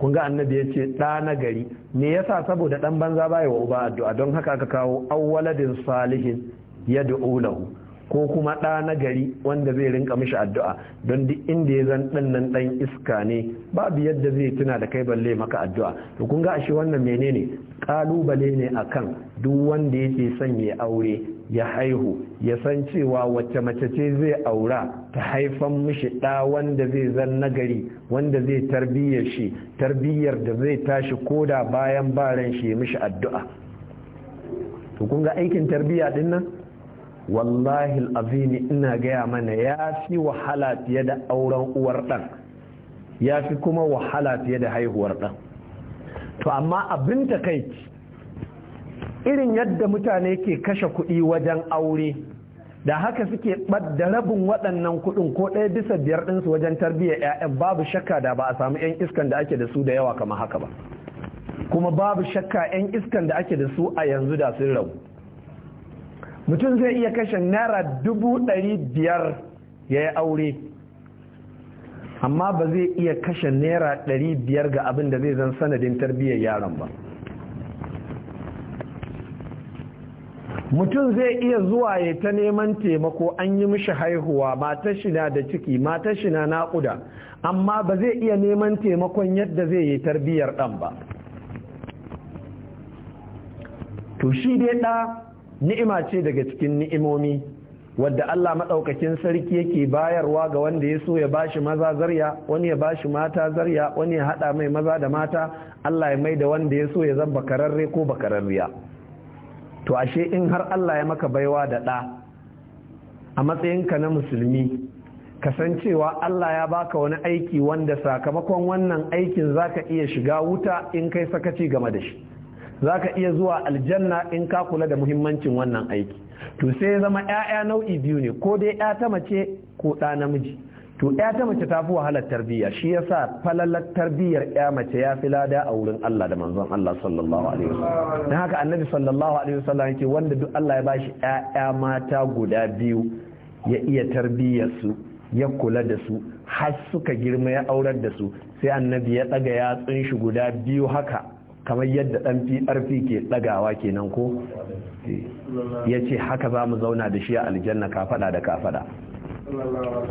kun ga annabi yace ɗa na gari me yasa saboda dan banza baya wa uba addu'a don haka aka kawo awwaladin salihin yad'u lahu ko kuma ɗa na gari wanda zai rinka mishi addu'a don duk inda ya zan ɗan nan ɗan iska ne babu yadda zai tuna da kai balle maka addu'a to kun ga ashe wannan menene ƙalubale ne a kan duk wanda yake son ya aure ya haihu ya san cewa wacce mace ce zai aura ta haifan mishi ɗa wanda zai zan nagari wanda zai tarbiyyar shi tarbiyyar da zai tashi koda bayan baran shi mishi addu'a to kun ga aikin tarbiyya din wallahi al'azimi ina gaya mana ya fi wahala fiye da auren uwar ɗan ya fi kuma wahala fiye da haihuwar ɗan to amma abin takaici irin yadda mutane ke kashe kuɗi wajen aure da haka suke ɓadda rabin waɗannan kuɗin ko ɗaya bisa biyar ɗinsu wajen tarbiyyar 'ya'yan babu shakka da ba a samu 'yan iskan da ake da su da yawa kama haka ba kuma babu shakka 'yan iskan da ake da su a yanzu da sun rabu. mutum zai iya kashe naira dubu ɗari biyar ya yi aure amma ba zai iya kashe naira ɗari biyar ga abin da zai zan sanadin tarbiyyar yaron ba mutum zai iya zuwa ya ta neman taimako an yi mishi haihuwa matar na da ciki matar na naƙuda amma ba zai iya neman taimakon yadda zai yi tarbiyyar ɗan ba to shi dai ɗa ni'ima ce daga cikin ni'imomi wadda Allah maɗaukakin sarki yake bayarwa ga wanda ya so ya bashi maza zarya wani ya bashi mata zarya wani ya haɗa mai maza da mata Allah ya mai da wanda ya so ya zan bakararre ko bakararriya to ashe in har Allah ya maka baiwa da ɗa a matsayinka na musulmi kasancewa Allah ya baka wani aiki wanda sakamakon wannan aikin zaka iya shiga wuta in kai sakaci game da shi za ka iya zuwa aljanna in ka kula da muhimmancin wannan aiki to sai ya zama 'ya'ya nau'i biyu ne ko dai 'ya ta mace ko ɗa namiji to 'ya ta mace ta fi wahalar tarbiyya shi yasa falalar tarbiyyar 'ya mace ya fi lada a wurin Allah da manzon Allah sallallahu alaihi wasallam dan haka annabi sallallahu alaihi wasallam yake wanda duk Allah ya bashi 'ya'ya mata guda biyu ya iya tarbiyyar su ya kula da su har suka girma ya aurar da su sai annabi ya ɗaga yatsun shi guda biyu haka kamar yadda ɗan PRP ke ɗagawa kenan ko ya ce haka za mu zauna da shi a aljanna kafaɗa da kafaɗa.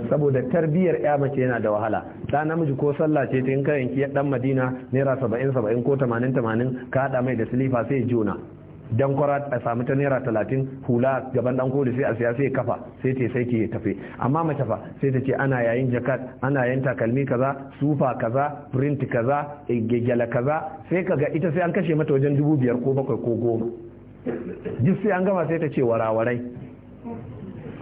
saboda tarbiyyar ya mace yana da wahala ta namiji ko sallah ce tun kayan ki dan madina naira saba'in saba'in ko tamanin tamanin ka haɗa mai da silifa sai juna dan kwara a sami ta naira talatin hula gaban dan koli sai a siya sai kafa sai ta sai ke tafe amma mace fa sai ta ce ana yayin jakat ana yin takalmi kaza sufa kaza print kaza eh, gele kaza sai kaga ita sai an kashe mata wajen dubu biyar ko bakwai ko goma duk sai an gama sai ta ce warawarai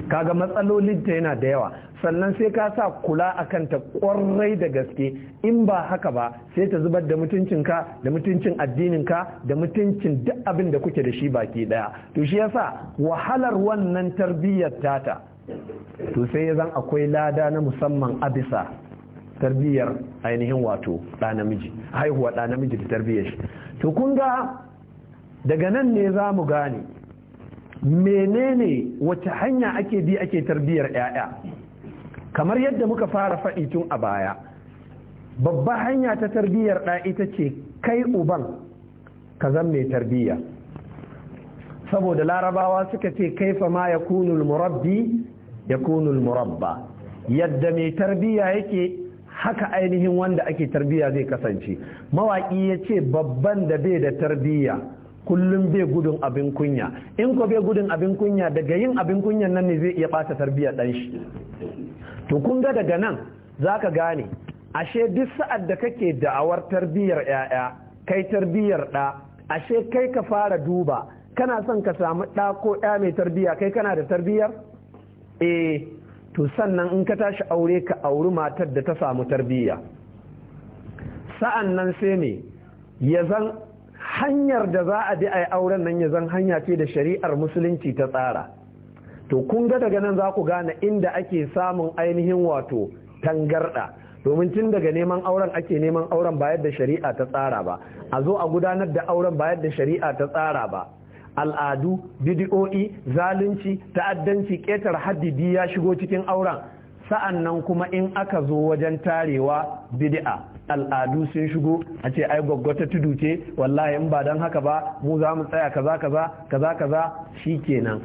kaga matsalolin ta yana da yawa sannan sai ka sa kula a kanta kwarai da gaske in ba haka ba sai ta zubar da mutuncinka da mutuncin addininka da mutuncin duk abin da kuke da shi baki ɗaya. to shi yasa wahalar wannan tarbiyyar tata to sai ya zan akwai lada na musamman a bisa tarbiyyar ainihin wato ɗa namiji haihuwa ɗa namiji da tarbiyyar shi to kun ga daga nan ne za mu gane menene wace hanya ake bi ake tarbiyyar 'ya'ya kamar yadda muka fara faɗi tun a baya babba hanya ta tarbiyyar ɗa ita ce kai uban ka zan mai tarbiyya saboda larabawa suka ce kaifa ma ya kunul murabbi ya kunul murabba yadda mai tarbiyya yake haka ainihin wanda ake tarbiyya zai kasance mawaƙi ya ce babban da bai da tarbiyya kullum bai gudun abin kunya in ko bai gudun abin kunya daga yin abin kunyan nan ne zai iya ɓata tarbiyyar ɗan shi to kun ga daga nan za ka gane ashe duk sa'ad da kake da'awar tarbiyyar 'ya'ya kai tarbiyyar ɗa ashe kai ka fara duba kana son ka samu ɗa ko ɗa mai tarbiyya kai kana da tarbiyyar eh to sannan in ka tashi aure ka auri matar da ta samu tarbiyya sa'an nan sai me ya zan hanyar da za a bi a auren nan ya zan hanya ce da shari'ar musulunci ta tsara to kun ga daga nan za ku gane inda ake samun ainihin wato tangarda domin tun daga neman auren ake neman auren ba yadda shari'a ta tsara ba a zo a gudanar da auren ba yadda shari'a ta tsara ba al'adu bidi'o'i zalunci ta'addanci ƙetar haddidi ya shigo cikin auren sa'an nan kuma in aka zo wajen tarewa bidi'a al'adu sun shigo a ce ai ta tudu ce wallahi in ba don haka ba mu za mu tsaya kaza kaza kaza kaza kenan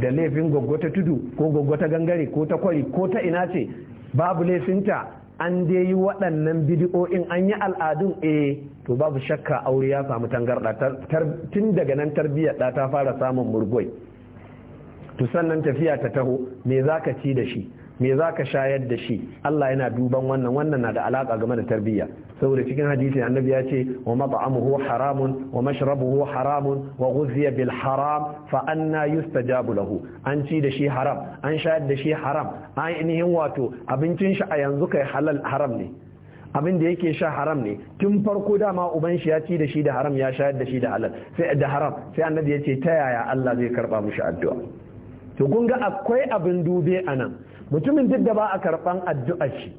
da laifin gwaggwata tudu ko ta gangare ko ta kwari ko ta ina ce babu laifinta an dai yi waɗannan bidi'o'in an yi al'adun eh to babu shakka aure ya samu tangarɗa tun daga nan tarbiyya ɗa ta fara samun murgwai to sannan tafiya ta taho me za ka ci da shi me za ka shayar da shi Allah yana duban wannan wannan na da alaƙa game da tarbiyya saboda cikin hadisi annabi ya ce wa mat'amuhu haramun wa mashrabuhu haramun wa ghuziya bil haram fa anna yustajabu lahu an ci da shi haram an shayar da shi haram ainihin wato abincin shi a yanzu kai halal haram ne abin da yake sha haram ne tun farko dama uban shi ya ci da shi da haram ya shayar da shi da halal sai da haram sai annabi ya ce ta yaya Allah zai karba mushi addu'a to kun ga akwai abin dube anan mutumin duk da ba a karɓan addu'ar shi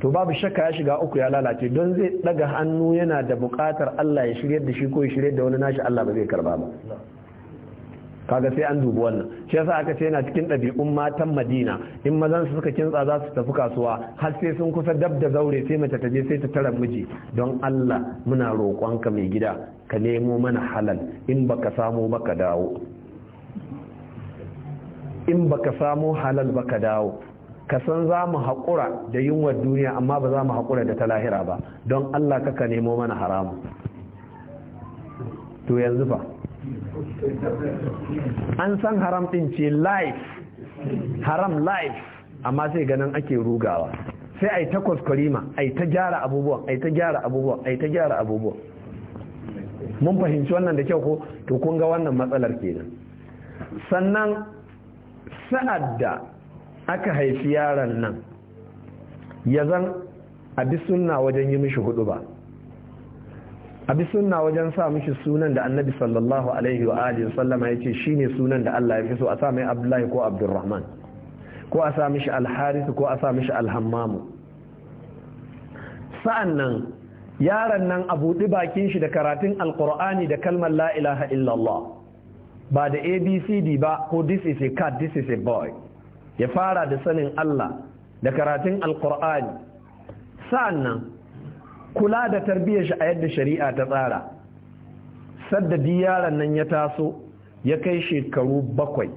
to babu shakka ya shiga uku ya lalace don zai ɗaga hannu yana da buƙatar Allah ya shirye da shi ko ya shirye da wani nashi Allah ba zai karba ba kaga sai an dubi wannan shi yasa aka ce yana cikin ɗabi'un matan Madina in mazan su suka kintsa za su tafi kasuwa har sai sun kusa dab da zaure sai mace ta je sai ta tara miji don Allah muna roƙonka mai gida ka nemo mana halal in baka samu baka dawo in baka samo halal baka dawo ka san za mu haƙura da yunwar duniya amma ba za mu haƙura da ta lahira ba don Allah kaka nemo mana haramu to yanzu ba an san haram ɗin ce life haram life amma sai ganin ake rugawa sai a yi ta kwaskwarima a yi ta gyara abubuwan a yi ta gyara abubuwan a yi ta gyara abubuwan mun fahimci wannan da kyau ko to kun ga wannan matsalar kenan sannan sa'ad da aka haifi yaron nan ya zan abi sunna wajen yi mishi hudu ba abi sunna wajen sa mishi sunan da annabi sallallahu alaihi wa alihi sallama ya shine sunan da Allah ya fi so a sa mai abdullahi ko abdurrahman ko a sa mishi alharisu ko a sa mishi alhammamu sa'an nan yaron nan a buɗi bakin shi da karatun alkur'ani da kalmar la ilaha illallah ba da abcd ba ko this is a cat this is a boy ya fara da sanin Allah da karatun alkur'ani sa'annan kula da tarbiyyar shi a yadda shari'a ta tsara sadda yaran nan ya taso ya kai shekaru bakwai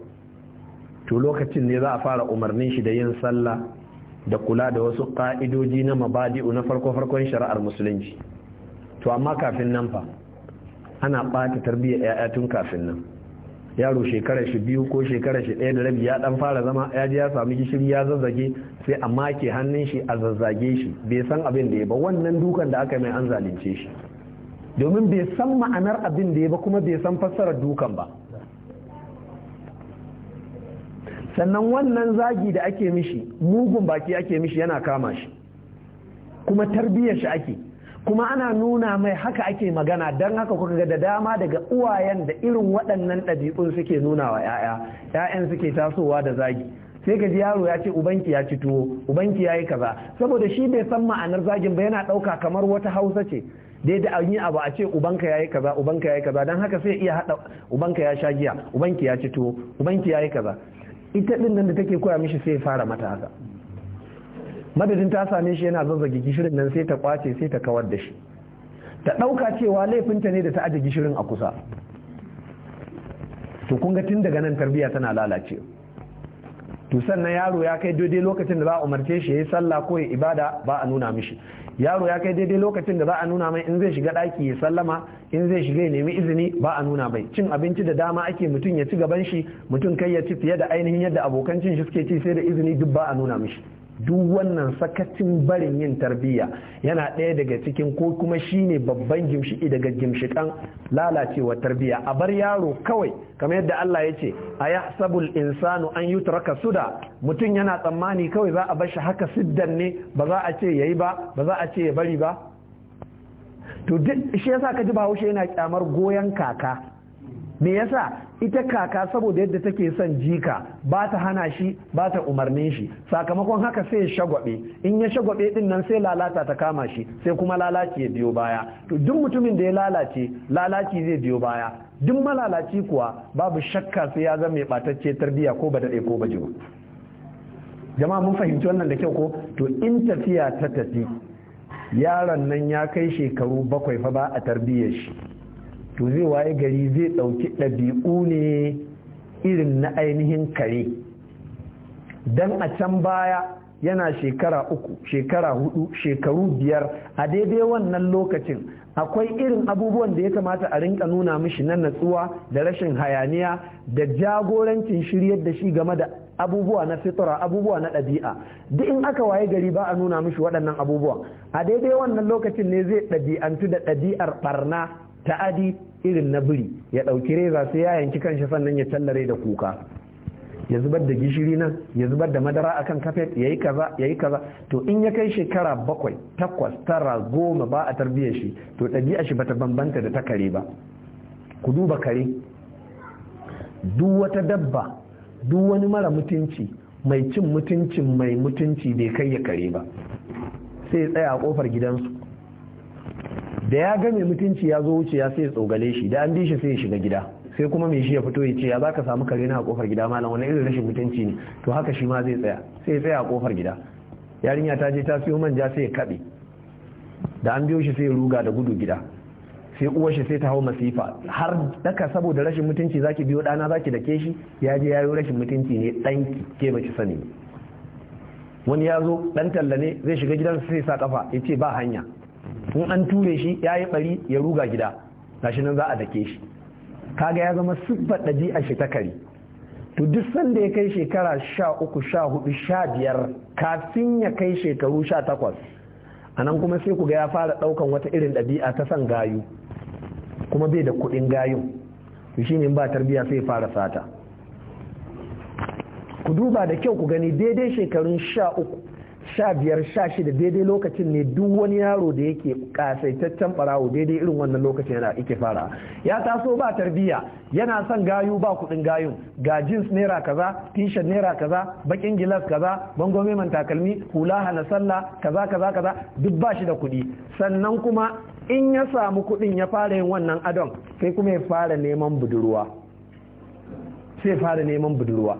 to lokacin ne za a fara umarnin shi da yin sallah da kula da wasu ƙa'idoji na mabadi'u na farko-farkon shari'ar musulunci to amma kafin nan fa ana ɓata tarbiyyar 'ya'ya tun kafin nan yaro shekarar shi biyu ko shekarar shi ɗaya da rabi ya dan fara zama ya ji ya sami gishiri ya zazzage sai a make hannun shi a zazzage shi bai san abin da ya ba wannan dukan da aka mai an zalunce shi domin bai san ma'anar abin da ya ba kuma bai san fassarar dukan ba sannan wannan zagi da ake mishi mugun baki ake mishi yana kama shi kuma tarbiyyar shi ake kuma ana nuna mai haka ake magana don haka kuka ga da dama daga uwayen da irin waɗannan ɗabi'un suke nuna wa 'ya'ya 'ya'yan suke tasowa da zagi sai ka ji yaro ya ce ubanki ya ci tuwo ubanki ya yi kaza saboda shi bai san ma'anar zagin ba yana ɗauka kamar wata hausa ce dai da an yi abu a ce ubanka ya yi kaza ubanka ya yi kaza don haka sai iya haɗa ubanka ya sha giya ubanki ya ci tuwo ubanki ya yi kaza ita ɗin nan da take koya mishi sai fara mata haka madadin ta same shi yana zazzage gishirin nan sai ta kwace sai ta kawar da shi ta ɗauka cewa laifinta ne da ta aje gishirin a kusa to kun ga tun daga nan tarbiyya tana lalace to sannan yaro ya kai daidai lokacin da za a umarce shi ya yi sallah ko ya ibada ba a nuna mishi yaro ya kai daidai lokacin da za a nuna mai in zai shiga daki ya sallama in zai shiga ya nemi izini ba a nuna mai cin abinci da dama ake mutum ya ci gaban shi mutum kai ya ci fiye da ainihin yadda abokan cin shi suke ci sai da izini duk ba a nuna mishi duk wannan sakacin barin yin tarbiyya yana ɗaya daga cikin ko kuma shine babban gimshiƙi daga gimshiƙan lalacewa tarbiyya a bar yaro kawai kamar yadda Allah ya ce a ya sabul insanu an yi turaka suda mutum yana tsammani kawai za a bar shi haka siddan ne ba za a ce yayi ba ba za a ce ya bari ba to duk shi yasa ka ji bahaushe yana kyamar goyon kaka me yasa ita kaka saboda yadda take son jika ba ta hana shi ba ta umarnin shi sakamakon haka sai ya shagwabe in ya shagwabe din nan sai lalata ta kama shi sai kuma lalaci ya biyo baya to duk mutumin da ya lalace lalaci zai biyo baya duk malalaci kuwa babu shakka sai ya zama mai batacce tarbiyya ko ba daɗe ko ba jiwa jama'a mun fahimci wannan da kyau ko to in tafiya ta tafi yaron nan ya kai shekaru bakwai fa ba a tarbiyyar shi to zai waye gari zai ɗauki ɗabi'u ne irin na ainihin kare don a can baya yana shekara uku shekara hudu shekaru biyar a daidai wannan lokacin akwai irin abubuwan da ya kamata a rinka nuna mishi na natsuwa da rashin hayaniya da jagorancin shiryar da shi game da abubuwa na fitura abubuwa na ɗabi'a duk in aka waye gari ba a nuna mishi waɗannan abubuwa a daidai wannan lokacin ne zai ɗabi'antu da ɗabi'ar ɓarna ta'adi irin na biri ya ɗauki reza sai ya yanki kanshi sannan ya tallare da kuka ya zubar da gishiri nan ya zubar da madara akan kafet ya yi kaza ya yi kaza to in ya kai shekara bakwai takwas tara goma ba a tarbiyyar shi to ɗabi'a shi bata bambanta da ta kare ba ku duba kare duk wata dabba duk wani mara mutunci mai cin mutuncin mai mutunci bai kai ya kare ba sai ya tsaya a kofar gidansu da ya ga mai mutunci ya zo wuce ya sai ya tsogale shi da an bi shi sai ya shiga gida sai kuma mai shi ya fito ya ce ya za ka samu kare na a kofar gida malam wani irin rashin mutunci ne to haka shi ma zai tsaya sai ya tsaya a kofar gida yarinya ta je ta siyo manja sai ya kaɓe da an biyo shi sai ya ruga da gudu gida sai uwar shi sai ta hau masifa har daka saboda rashin mutunci zaki biyo dana zaki dake shi ya je yayo rashin mutunci ne dan ke baki sani wani ya zo dan talla ne zai shiga gidan sai sa kafa ya ce ba hanya in an ture shi ya yi bari ya ruga gida gashi nan za a dake shi kaga ya zama siffar ɗabi'a shi ta kare to duk sanda ya kai shekara sha uku sha hudu sha biyar kafin ya kai shekaru sha takwas a nan kuma sai ku ga ya fara ɗaukan wata irin ɗabi'a ta san gayu kuma bai da kuɗin gayu to ne ba tarbiyya sai fara sata ku duba da kyau ku gani daidai shekarun sha uku sha biyar sha shida daidai lokacin ne duk wani yaro da yake kasaitaccen barawo daidai irin wannan lokacin yana ike fara ya taso ba tarbiyya yana son gayu ba kudin gayun ga jins naira kaza tishan naira kaza bakin gilas kaza bango man takalmi hula hana sallah kaza kaza kaza duk ba shi da kuɗi sannan kuma in ya samu kudin ya fara yin wannan adon sai kuma ya fara neman fara neman budurwa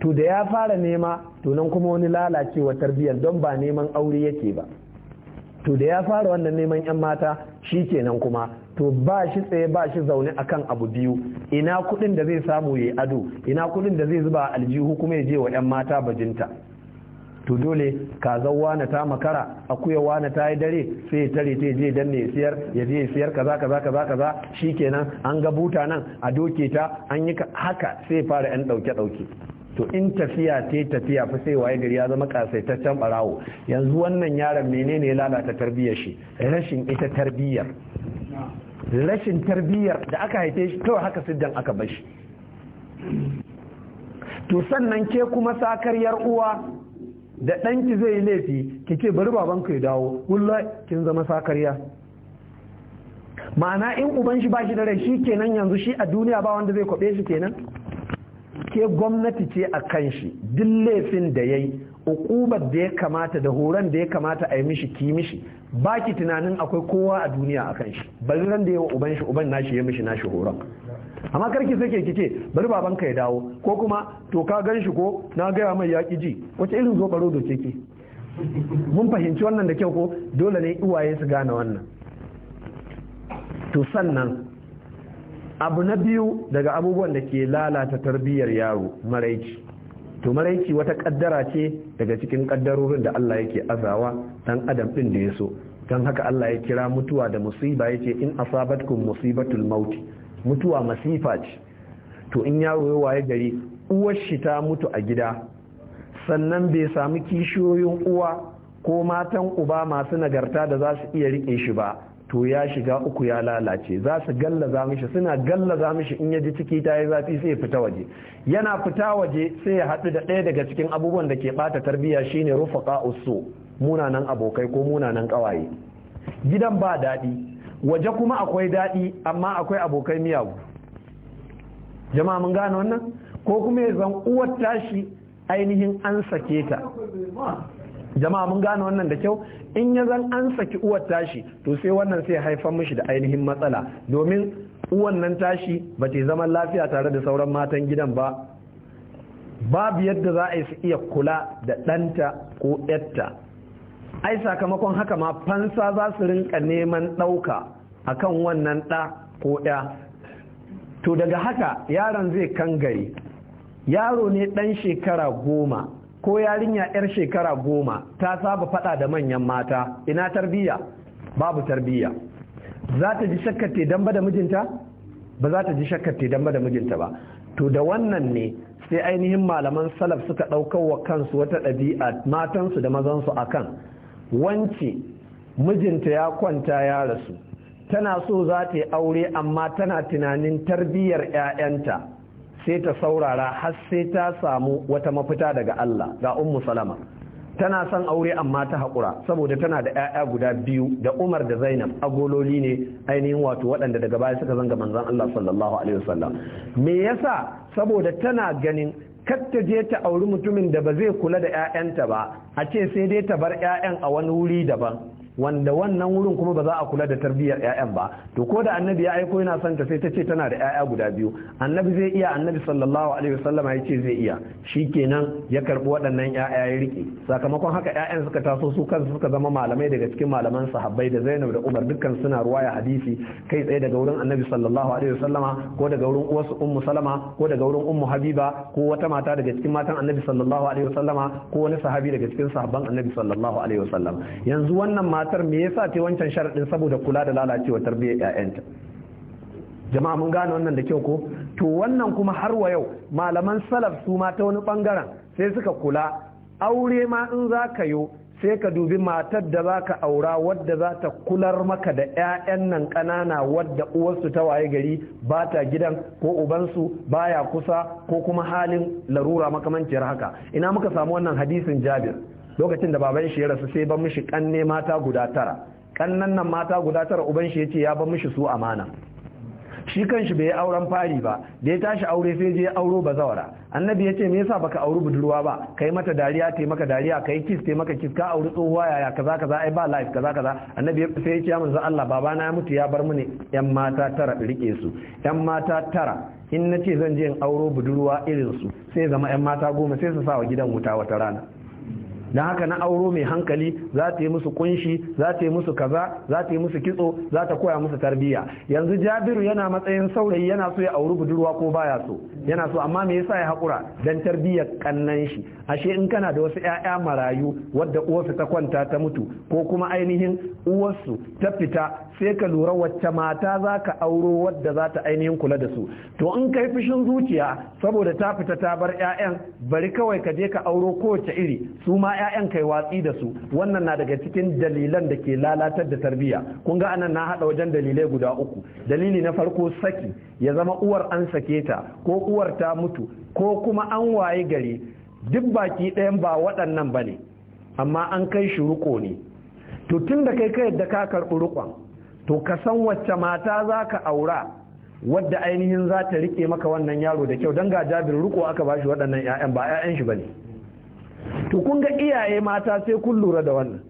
to da ya fara nema to nan kuma wani lalacewa tarbiyyar don ba neman aure yake ba to da ya fara wannan neman 'yan mata shi kenan kuma to ba shi tsaye ba shi zaune kan abu biyu ina kudin da zai samu ya ado ina kudin da zai zuba aljihu kuma ya je wa 'yan mata bajinta to dole kazan wana ta makara akuya wana ta yi dare sai ya tare ta je dan ne siyar ya je siyar kaza kaza kaza kaza shikenan an ga buta nan a doke ta an yi haka sai fara yan dauke dauke to in tafiya ta tafiya fa sai waye gari ya zama kasaitaccen barawo yanzu wannan yaron menene ya lalata tarbiyyar shi rashin ita tarbiyyar rashin tarbiyyar da aka haife shi kawai haka siddan aka bar shi to sannan ke kuma sakaryar uwa da ɗanki zai yi laifi ki ce bari babanka ya dawo wallahi kin zama sakarya ma'ana in uban shi ba shi da rai shi kenan yanzu shi a duniya ba wanda zai kwabe shi kenan ke gwamnati ce a kan shi duk laifin da ya yi ukubar da ya kamata da horon da ya kamata a yi mishi ki mishi ba ki tunanin akwai kowa a duniya a kan shi bari ran da ya wa uban shi uban nashi ya mishi nashi horon amma karki sake kike bari babanka ya dawo ko kuma to ka gan shi ko na gaya mai yaƙi ji wace irin zo baro doke ki? mun fahimci wannan da kyau ko dole ne iwaye su gane wannan to sannan abu na biyu daga abubuwan da ke lalata tarbiyyar yaro maraici to maraici wata kaddara ce daga cikin kaddarorin da Allah yake azawa dan adam din da ya so don haka Allah ya kira mutuwa da musiba yace in asabatkum musibatul maut mutuwa masifa ce to in yaro ya waye gari uwar shi ta mutu a gida sannan bai samu kishiyoyin uwa ko matan uba masu nagarta da za su iya rike shi ba to ya shiga uku ya lalace za su gallaza mishi suna gallaza mishi in ya ji ciki ta yi zafi sai ya fita waje yana fita waje sai ya haɗu da ɗaya daga cikin abubuwan da ke ɓata tarbiyya shine rufa usu munanan abokai ko munanan ƙawaye gidan ba daɗi waje kuma akwai daɗi amma akwai abokai miyagu jama'a mun gane wannan ko kuma ya zan uwar tashi ainihin an sake ta jama'a mun gane wannan da kyau in ya zan an saki uwar tashi to sai wannan sai haifar mishi da ainihin matsala domin uwan nan tashi ba ta zaman lafiya tare da sauran matan gidan ba babu yadda za a yi su iya kula da ɗanta ko ƴatta ai sakamakon haka ma fansa za su rinka neman ɗauka a kan wannan ɗa ko ɗa to daga haka yaron zai kangare yaro ne ɗan shekara goma ko yarinya yar shekara goma ta saba fada da manyan mata ina tarbiyya babu tarbiyya za ta ji shakkar te damba da mijinta ba za ta ji shakkar te damba da mijinta ba to da wannan ne sai ainihin malaman salaf suka ɗaukar wa kansu wata ɗabi'a matansu da mazansu a kan? wance mijinta ya kwanta ya rasu tana so za ta yi aure amma tana tunanin tarbiyyar 'ya'yanta sai ta saurara har sai ta samu wata mafita daga Allah ga ummu salama tana son aure amma ta haƙura saboda tana da 'ya'ya guda biyu da umar da zainab agololi ne ainihin wato waɗanda daga baya suka zanga manzan allah sallallahu alaihi wasallam me yasa saboda tana ganin katta je ta auri mutumin da ba zai kula da 'ya'yanta ba a ce sai dai ta bar 'ya'yan a wani wuri daban wanda wannan wurin kuma ba za a kula da tarbiyyar 'ya'yan ba to ko da annabi ya aiko yana son ta sai ta ce tana da 'ya'ya guda biyu annabi zai iya annabi sallallahu alaihi wasallama ya ce zai iya shikenan ya karbi waɗannan 'ya'ya ya rike sakamakon haka 'ya'yan suka taso su kansu suka zama malamai daga cikin malaman sahabbai da Zainab da Umar dukkan suna ruwaya hadisi kai tsaye daga wurin annabi sallallahu alaihi wasallama ko daga wurin uwarsu ummu salama ko daga wurin ummu habiba ko wata mata daga cikin matan annabi sallallahu alaihi wasallama ko wani sahabi daga cikin sahabban annabi sallallahu alaihi wasallam yanzu wannan mata matar me yasa ta wancan sharadin saboda kula da lalacewa tarbiyyar ƴaƴanta jama'a mun gane wannan da kyau ko to wannan kuma har wa yau malaman salaf su ma ta wani bangaren sai suka kula aure ma in za ka yo sai ka dubi matar da za ka aura wadda za ta kular maka da 'ya'yan nan ƙanana wadda uwarsu ta waye gari ba ta gidan ko ubansu baya kusa ko kuma halin larura makamanciyar haka ina muka samu wannan hadisin jabir lokacin da baban shi ya rasu sai ban mishi kanne mata guda tara kannan nan mata guda tara uban shi ya ce ya ban mishi su amana shi kanshi bai auren fari ba da ya tashi aure sai je auro bazawara annabi ya ce me yasa baka auri budurwa ba kai mata dariya tai maka dariya kai kiss tai maka kiss ka auri tsohuwa yaya kaza kaza ai ba life kaza kaza annabi sai yace ya manzo Allah babana ya mutu ya bar mini yan mata tara rike su yan mata tara in nace zan je in auro budurwa irin su sai zama yan mata goma sai su sa wa gidan wuta wata rana na haka na auro mai hankali za ta yi musu kunshi za ta yi musu kaza za ta yi musu kitso za ta koya musu tarbiyya yanzu jabiru yana matsayin saurayi yana so ya auri budurwa ko baya so yana so amma me yasa ya hakura dan tarbiyya kannan shi ashe in kana da wasu ƴaƴa marayu wadda uwarsu ta kwanta ta mutu ko kuma ainihin uwarsu ta fita sai ka lura wacce mata za ka auro wadda za ta ainihin kula da su to in kai fushin zuciya saboda ta fita ta bar 'ya'yan bari kawai ka je ka auro kowace iri su ma 'ya'yan kai watsi da su wannan na daga cikin dalilan da ke lalatar da tarbiyya kun ga anan na haɗa wajen dalilai guda uku dalili na farko saki ya zama uwar an sake ta ko uwar ta mutu ko kuma an waye gari duk baki ɗayan ba waɗannan ba ne amma an kai shi ruko ne to tun da kai ka yadda ka karɓi rukon to ka san wacce mata za ka aura wadda ainihin za ta rike maka wannan yaro da kyau don ga jabir riko aka ba shi waɗannan 'ya'yan ba 'ya'yan shi ba ne to kun ga iyaye mata sai kun lura da wannan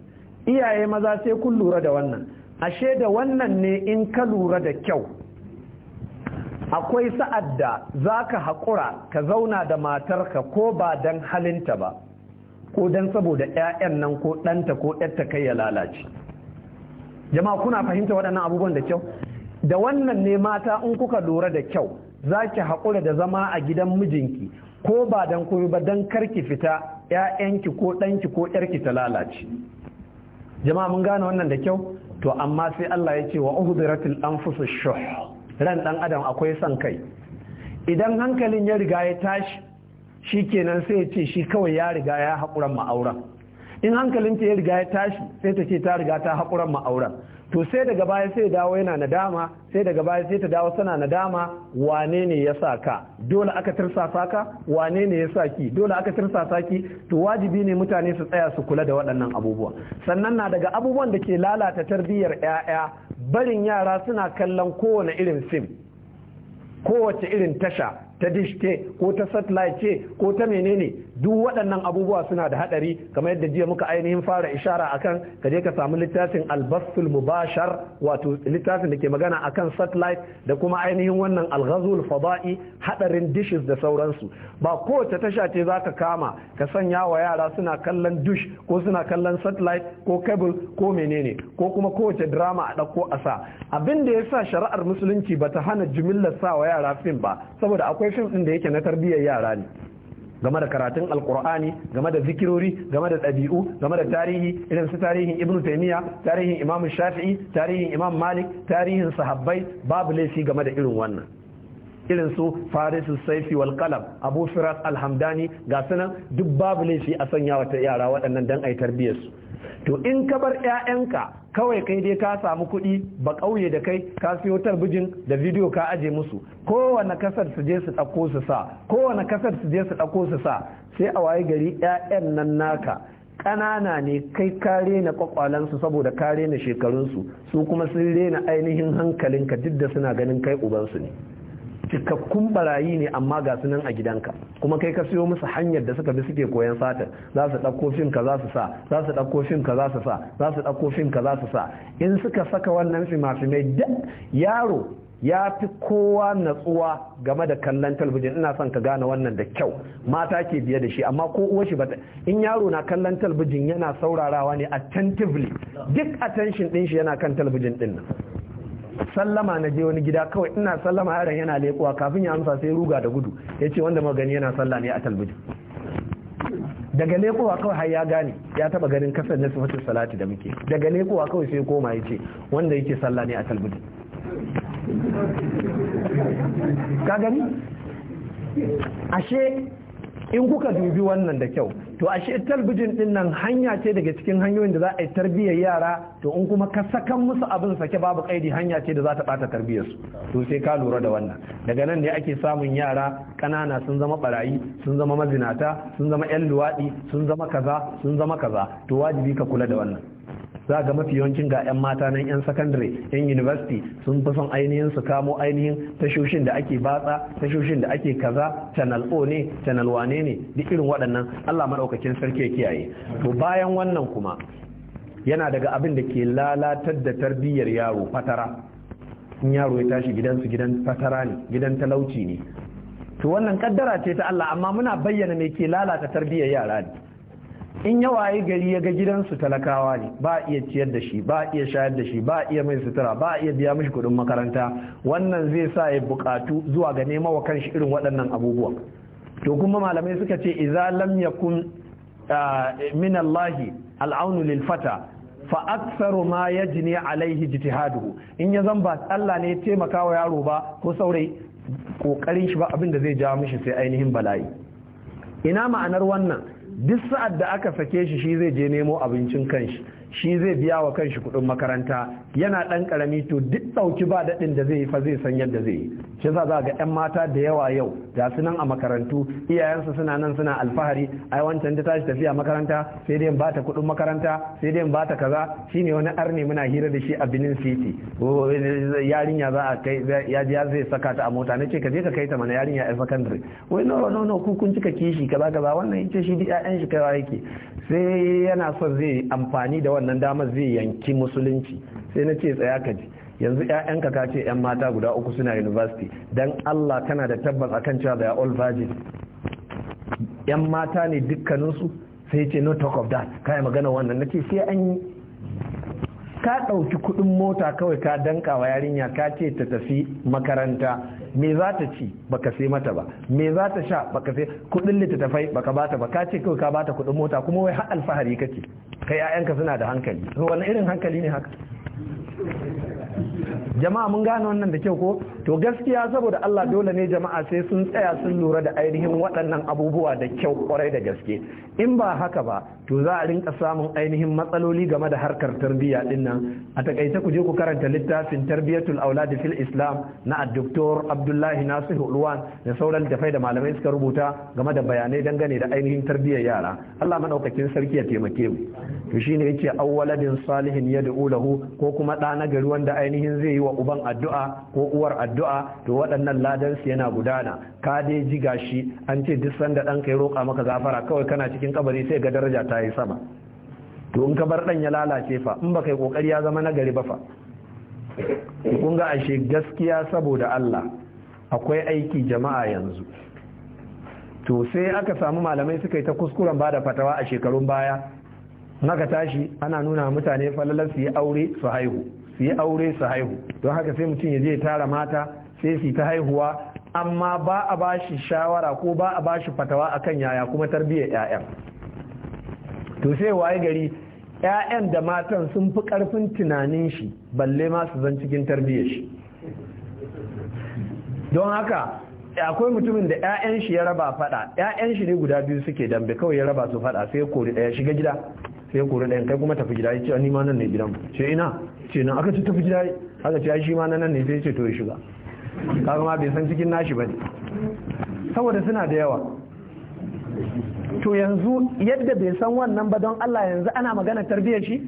iyaye maza sai kun lura da wannan ashe da wannan ne in ka lura da kyau akwai sa'ad da za ka haƙura ka zauna da matarka ko ba don halinta ba ko don saboda 'ya'yan nan ko ɗanta ko 'yarta kai ya lalace jama'a kuna fahimta waɗannan abubuwan da kyau da wannan ne mata in kuka lura da kyau za ki haƙura da zama a gidan mijinki ko ba dan koyo ba dan ki fita ‘ya'yanki ko ɗanki ko ‘yarki ta lalace jama'a mun gane wannan da kyau to amma sai Allah ya ce wa uhudiratil anfusu shuh ran dan adam akwai son kai idan hankalin ya riga ya tashi shikenan sai ya ce shi kawai ya riga ya haƙura ma'auran in hankalinta ya riga ya tashi sai ta ce ta riga ta haƙuran ma'auran to sai daga baya sai dawo yana nadama sai daga baya sai ta dawo sana nadama wane ne ya sa ka dole aka tirsasa ka wane ne ya sa ki dole aka tirsasa ki to wajibi ne mutane su tsaya su kula da waɗannan abubuwa. sannan na daga abubuwan da ke lalata tarbiyyar 'ya'ya barin yara suna kallon kowane irin sim kowace irin tasha ta dish ce ko ta satellite ce ko ta menene duk waɗannan abubuwa suna da haɗari kamar yadda jiya muka ainihin fara ishara akan ka je ka samu littafin albasul mubashar wato littafin da ke magana akan satellite da kuma ainihin wannan alghazul fada'i haɗarin dishes da sauransu ba kowace tasha ce za ka kama ka sanya wa yara suna kallon dish ko suna kallon satellite ko cable ko menene ko kuma kowace drama a ɗauko a sa abin da ya sa shari'ar musulunci ba ta hana jimillar sa wa yara fim ba saboda akwai fim ɗin da yake na tarbiyyar yara ne game da karatun alkur'ani game da zikirori game da ɗabi'u game da tarihi irin su tarihin ibn taimiyya tarihin imam shafi'i tarihin imam malik tarihin sahabbai babu laifi game da irin wannan irin su farisu saifi wal qalam abu firas alhamdani ga sunan duk babu laifi a sanya ta yara waɗannan dan ai tarbiyyar su to in ka bar ƴaƴanka kawai kai dai ka samu kuɗi ba ƙauye da kai ka siyo talbijin da bidiyo ka aje musu kowane kasar su je su ɗauko su sa kowane kasar su je su ɗauko su sa sai a waye gari ƴaƴan nan naka ƙanana ne kai ka rena kwakwalansu saboda ka rena shekarunsu su kuma sun rena ainihin hankalinka duk da suna ganin kai ubansu ne cikakkun barayi ne amma ga su nan a gidanka kuma kai ka siyo musu hanyar da suka bi suke koyan sata za su ɗauko fim ka za su sa za su ɗauko fim ka za su sa za su ɗauko fim ka za su sa in suka saka wannan fima-fimai yaro ya fi kowa natsuwa game da kallon talbijin ina son ka gane wannan da kyau mata ke biye da shi amma ko uwa shi bata in yaro na kallon talbijin yana saurarawa ne attentively duk attention din shi yana kan talbijin din sallama na je wani gida kawai ina sallama yaron yana lekuwa kafin ya amsa sai ruga da gudu ya ce wanda magani yana sallah ne a talbijin daga lekuwa kawai har ya gane ya taba ganin kasar na sifatin salati da muke daga lekuwa kawai sai koma ya ce wanda yake sallah ne a talbijin ka gani ashe in kuka dubi wannan da kyau to ashe talbijin din nan hanya ce daga cikin hanyoyin da za a yi tarbiyyar yara to in kuma ka sakan musu abin sake babu kaidi hanya ce da za ta bata tarbiyyar su to sai ka lura da wannan daga nan ne ake samun yara kanana sun zama barayi sun zama mazinata sun zama yan luwaɗi sun zama kaza sun zama kaza to wajibi ka kula da wannan za ga mafi yawancin ga 'yan mata nan 'yan sakandare 'yan university sun fi son ainihin su kamo ainihin tashoshin da ake batsa tashoshin da ake kaza channel o ne channel wane ne duk irin waɗannan allah maɗaukakin sarki ya kiyaye to bayan wannan kuma yana daga abin da ke lalatar da tarbiyyar yaro fatara in yaro ya tashi gidansu gidan fatara ne gidan talauci ne to wannan kaddara ce ta Allah amma muna bayyana me ke lalata tarbiyyar yara ne in ya wayi gari ya ga gidansu talakawa ne ba a iya ciyar da shi ba a iya shayar da shi ba a iya mai sutura ba a iya biya mishi kuɗin makaranta wannan zai sa ya bukatu zuwa ga nema wa kanshi irin waɗannan abubuwa to kuma malamai suka ce idza lam yakun ah, min Allah al'aunu lil fata fa aktsaru ma yajni alaihi jitihaduhu in ya zan ba Allah ne taimaka wa yaro ba ko saurayi kokarin shi ba abin da zai jawo mishi sai ainihin bala'i ina ma'anar wannan duk sa'ad da aka sake shi shi zai je nemo abincin kanshi shi zai biya wa kanshi kuɗin makaranta yana ɗan ƙarami to duk ɗauki ba daɗin da zai yi fa zai san yadda zai yi shi za ga 'yan mata da yawa yau da su nan a makarantu iyayensu suna nan suna alfahari ai wancan ta tashi tafiya makaranta sai dai ba ta kuɗin makaranta sai dai ba ta kaza shine wani arne muna hira da shi a Benin City oh, oh, eh, eh, yarinya za a kai ya zai saka ta a mota nace ka je ka kai ta mana yarinya a secondary wai no no no ku kun cika kishi kaza kaza wannan yace shi da yayan shi kaza yake sai yana son zai amfani da wannan damar zai yanki musulunci sai na ce tsaya ka yanzu 'ya'yanka ka ce 'yan mata guda uku suna university don allah kana da tabbas akan cewa da all virgin 'yan mata ne dukkaninsu sai ce no talk of that kai magana wannan na ce sai an yi ka ɗauki kuɗin mota kawai ka danka wa yarinya ka ce ta tafi makaranta me za ta ci baka sai mata ba me za ta sha baka sai kudin littattafai baka bata ba ka ce kawai ka bata kudin mota kuma wai har alfahari kake kai ƴaƴanka suna da hankali to wani irin hankali ne haka jama'a mun gane wannan da kyau ko to gaskiya saboda Allah dole ne jama'a sai sun tsaya sun lura da ainihin waɗannan abubuwa da kyau kwarai da gaske in ba haka ba to za a rinka samun ainihin matsaloli game da harkar tarbiyya din nan a takaice ku je ku karanta littafin tarbiyatul auladi fil islam na addoktor abdullahi nasir ulwan da sauran dafai da malamai suka rubuta game da bayanai dangane da ainihin tarbiyyar yara Allah madaukakin sarki ya taimake mu to shine yake awwaladin salihin yad'u lahu ko kuma da na gari wanda ainihin zai yi wa uban addu'a ko uwar addu'a to waɗannan ladan su yana gudana ka dai ji gashi an ce duk sanda ɗanka ya roƙa maka gafara kawai kana cikin kabari sai ga daraja ta ya yi sama to in ka bar ɗan ya lalace fa in ba kai ƙoƙari ya zama na gari ba fa kun ga ashe gaskiya saboda Allah akwai aiki jama'a yanzu to sai aka samu malamai suka yi ta kuskuren ba da fatawa a shekarun baya naka tashi ana nuna mutane falalar su yi aure su haihu su yi aure su haihu don haka sai mutum ya je tara mata sai su ta haihuwa amma ba a bashi shawara ko ba a bashi fatawa akan yaya kuma tarbiyyar 'yaya to sai waye gari ƴaƴan da matan sun fi ƙarfin tunanin shi balle ma su zan cikin tarbiyyar shi don haka akwai mutumin da ƴaƴan shi ya raba fada ƴaƴan shi ne guda biyu suke dambe kawai ya raba su fada sai kori ɗaya shiga gida sai kori ɗaya kai kuma tafi gida ce ni ma nan ne gidan ce ina ce nan aka ci tafi gida aka ce shi ma nan ne sai ce to ya shiga kaga ma bai san cikin nashi bane saboda suna da yawa to yanzu yadda bai san wannan ba don Allah yanzu ana magana tarbiyyar shi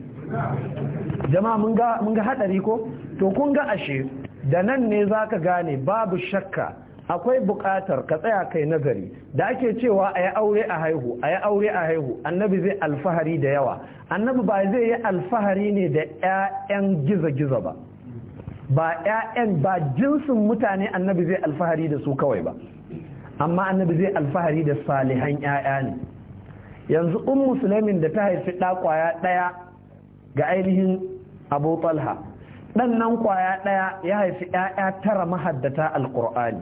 jama'a mun ga mun hadari ko to kun ga ashe da nan ne za ka gane babu shakka akwai buƙatar ka tsaya kai nazari da ake cewa a yi aure a haihu a aure a haihu annabi zai alfahari da yawa annabi ba zai yi alfahari ne da 'ya'yan giza-giza ba ba 'ya'yan ba jinsin mutane annabi zai alfahari da su kawai ba amma annabi zai alfahari da salihan 'ya'ya ne yanzu ummu sulaimin da ta haifi ɗa kwaya ɗaya ga ainihin abu talha ɗan nan kwaya ɗaya ya haifi ƴaƴa tara mahaddata alƙur'ani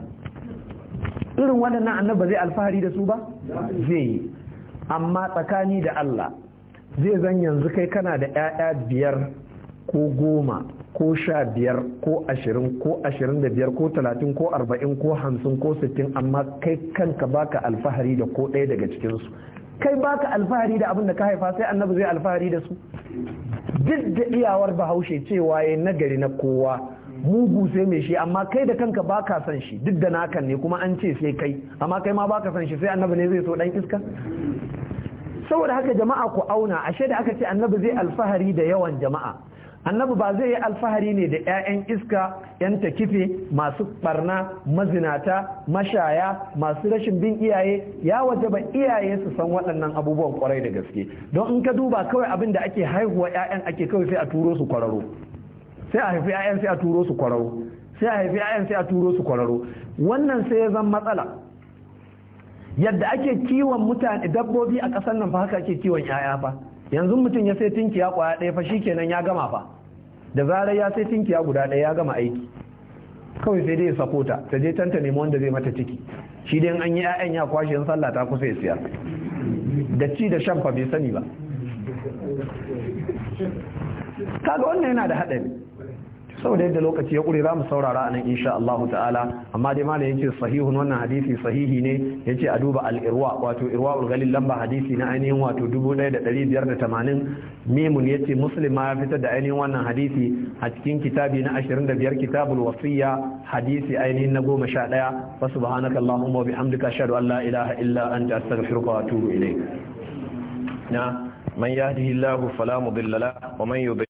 irin waɗannan annabi zai alfahari da su ba zai yi amma tsakani da Allah zai zan yanzu kai kana da ƴaƴa biyar ko goma ko sha biyar ko ashirin ko ashirin da biyar ko talatin ko arba'in ko hamsin ko sittin amma kai kanka baka alfahari da ko ɗaya daga cikinsu kai baka alfahari da abin da ka haifa sai annabi zai alfahari da su duk da iyawar bahaushe cewa ya nagari na kowa mugu sai mai shi amma kai da kanka baka san shi duk da nakan ne kuma an ce sai kai amma kai ma baka san shi sai annabi ne zai so dan iska saboda haka jama'a ku auna ashe da aka ce annabi zai alfahari da yawan jama'a annabi ba zai yi alfahari ne da 'ya'yan iska 'yan takife masu barna mazinata mashaya masu rashin bin iyaye ya waje ba iyaye su san waɗannan abubuwan kwarai da gaske don in ka duba kawai abin da ake haihuwa 'ya'yan ake kawai sai a turo su kwararo sai a haifi 'ya'yan sai a turo su kwararo sai a haifi 'ya'yan sai a turo su kwararo wannan sai ya zan matsala yadda ake kiwon mutane dabbobi a ƙasar nan fa haka ake kiwon 'ya'ya fa yanzu mutum ya sai tinkiya kwaya ɗaya fa shikenan ya gama fa da zarar ya sai tinkiya guda ɗaya ya gama aiki kawai sai dai ya sakota ta je tanta nemi wanda zai mata ciki shi dai an yi 'ya'yan ya kwashe in sallah ta kusa ya siya da ci da shan fa bai sani ba kaga wannan yana da haɗari saboda yadda lokaci ya kure za mu saurara nan insha Allah ta'ala amma dai malam yace sahihun wannan hadisi sahihi ne yace a duba al-irwa wato irwaul galil lamba hadisi na ainihin wato 1580 mimun yace muslim ma ya fitar da ainihin wannan hadisi a cikin kitabi na 25 kitabul wasiya hadisi ainihin na 11 wa subhanakallahumma wa bihamdika ashhadu an la ilaha illa anta astaghfiruka wa atubu ilayk na man yahdihillahu fala mudilla lahu wa man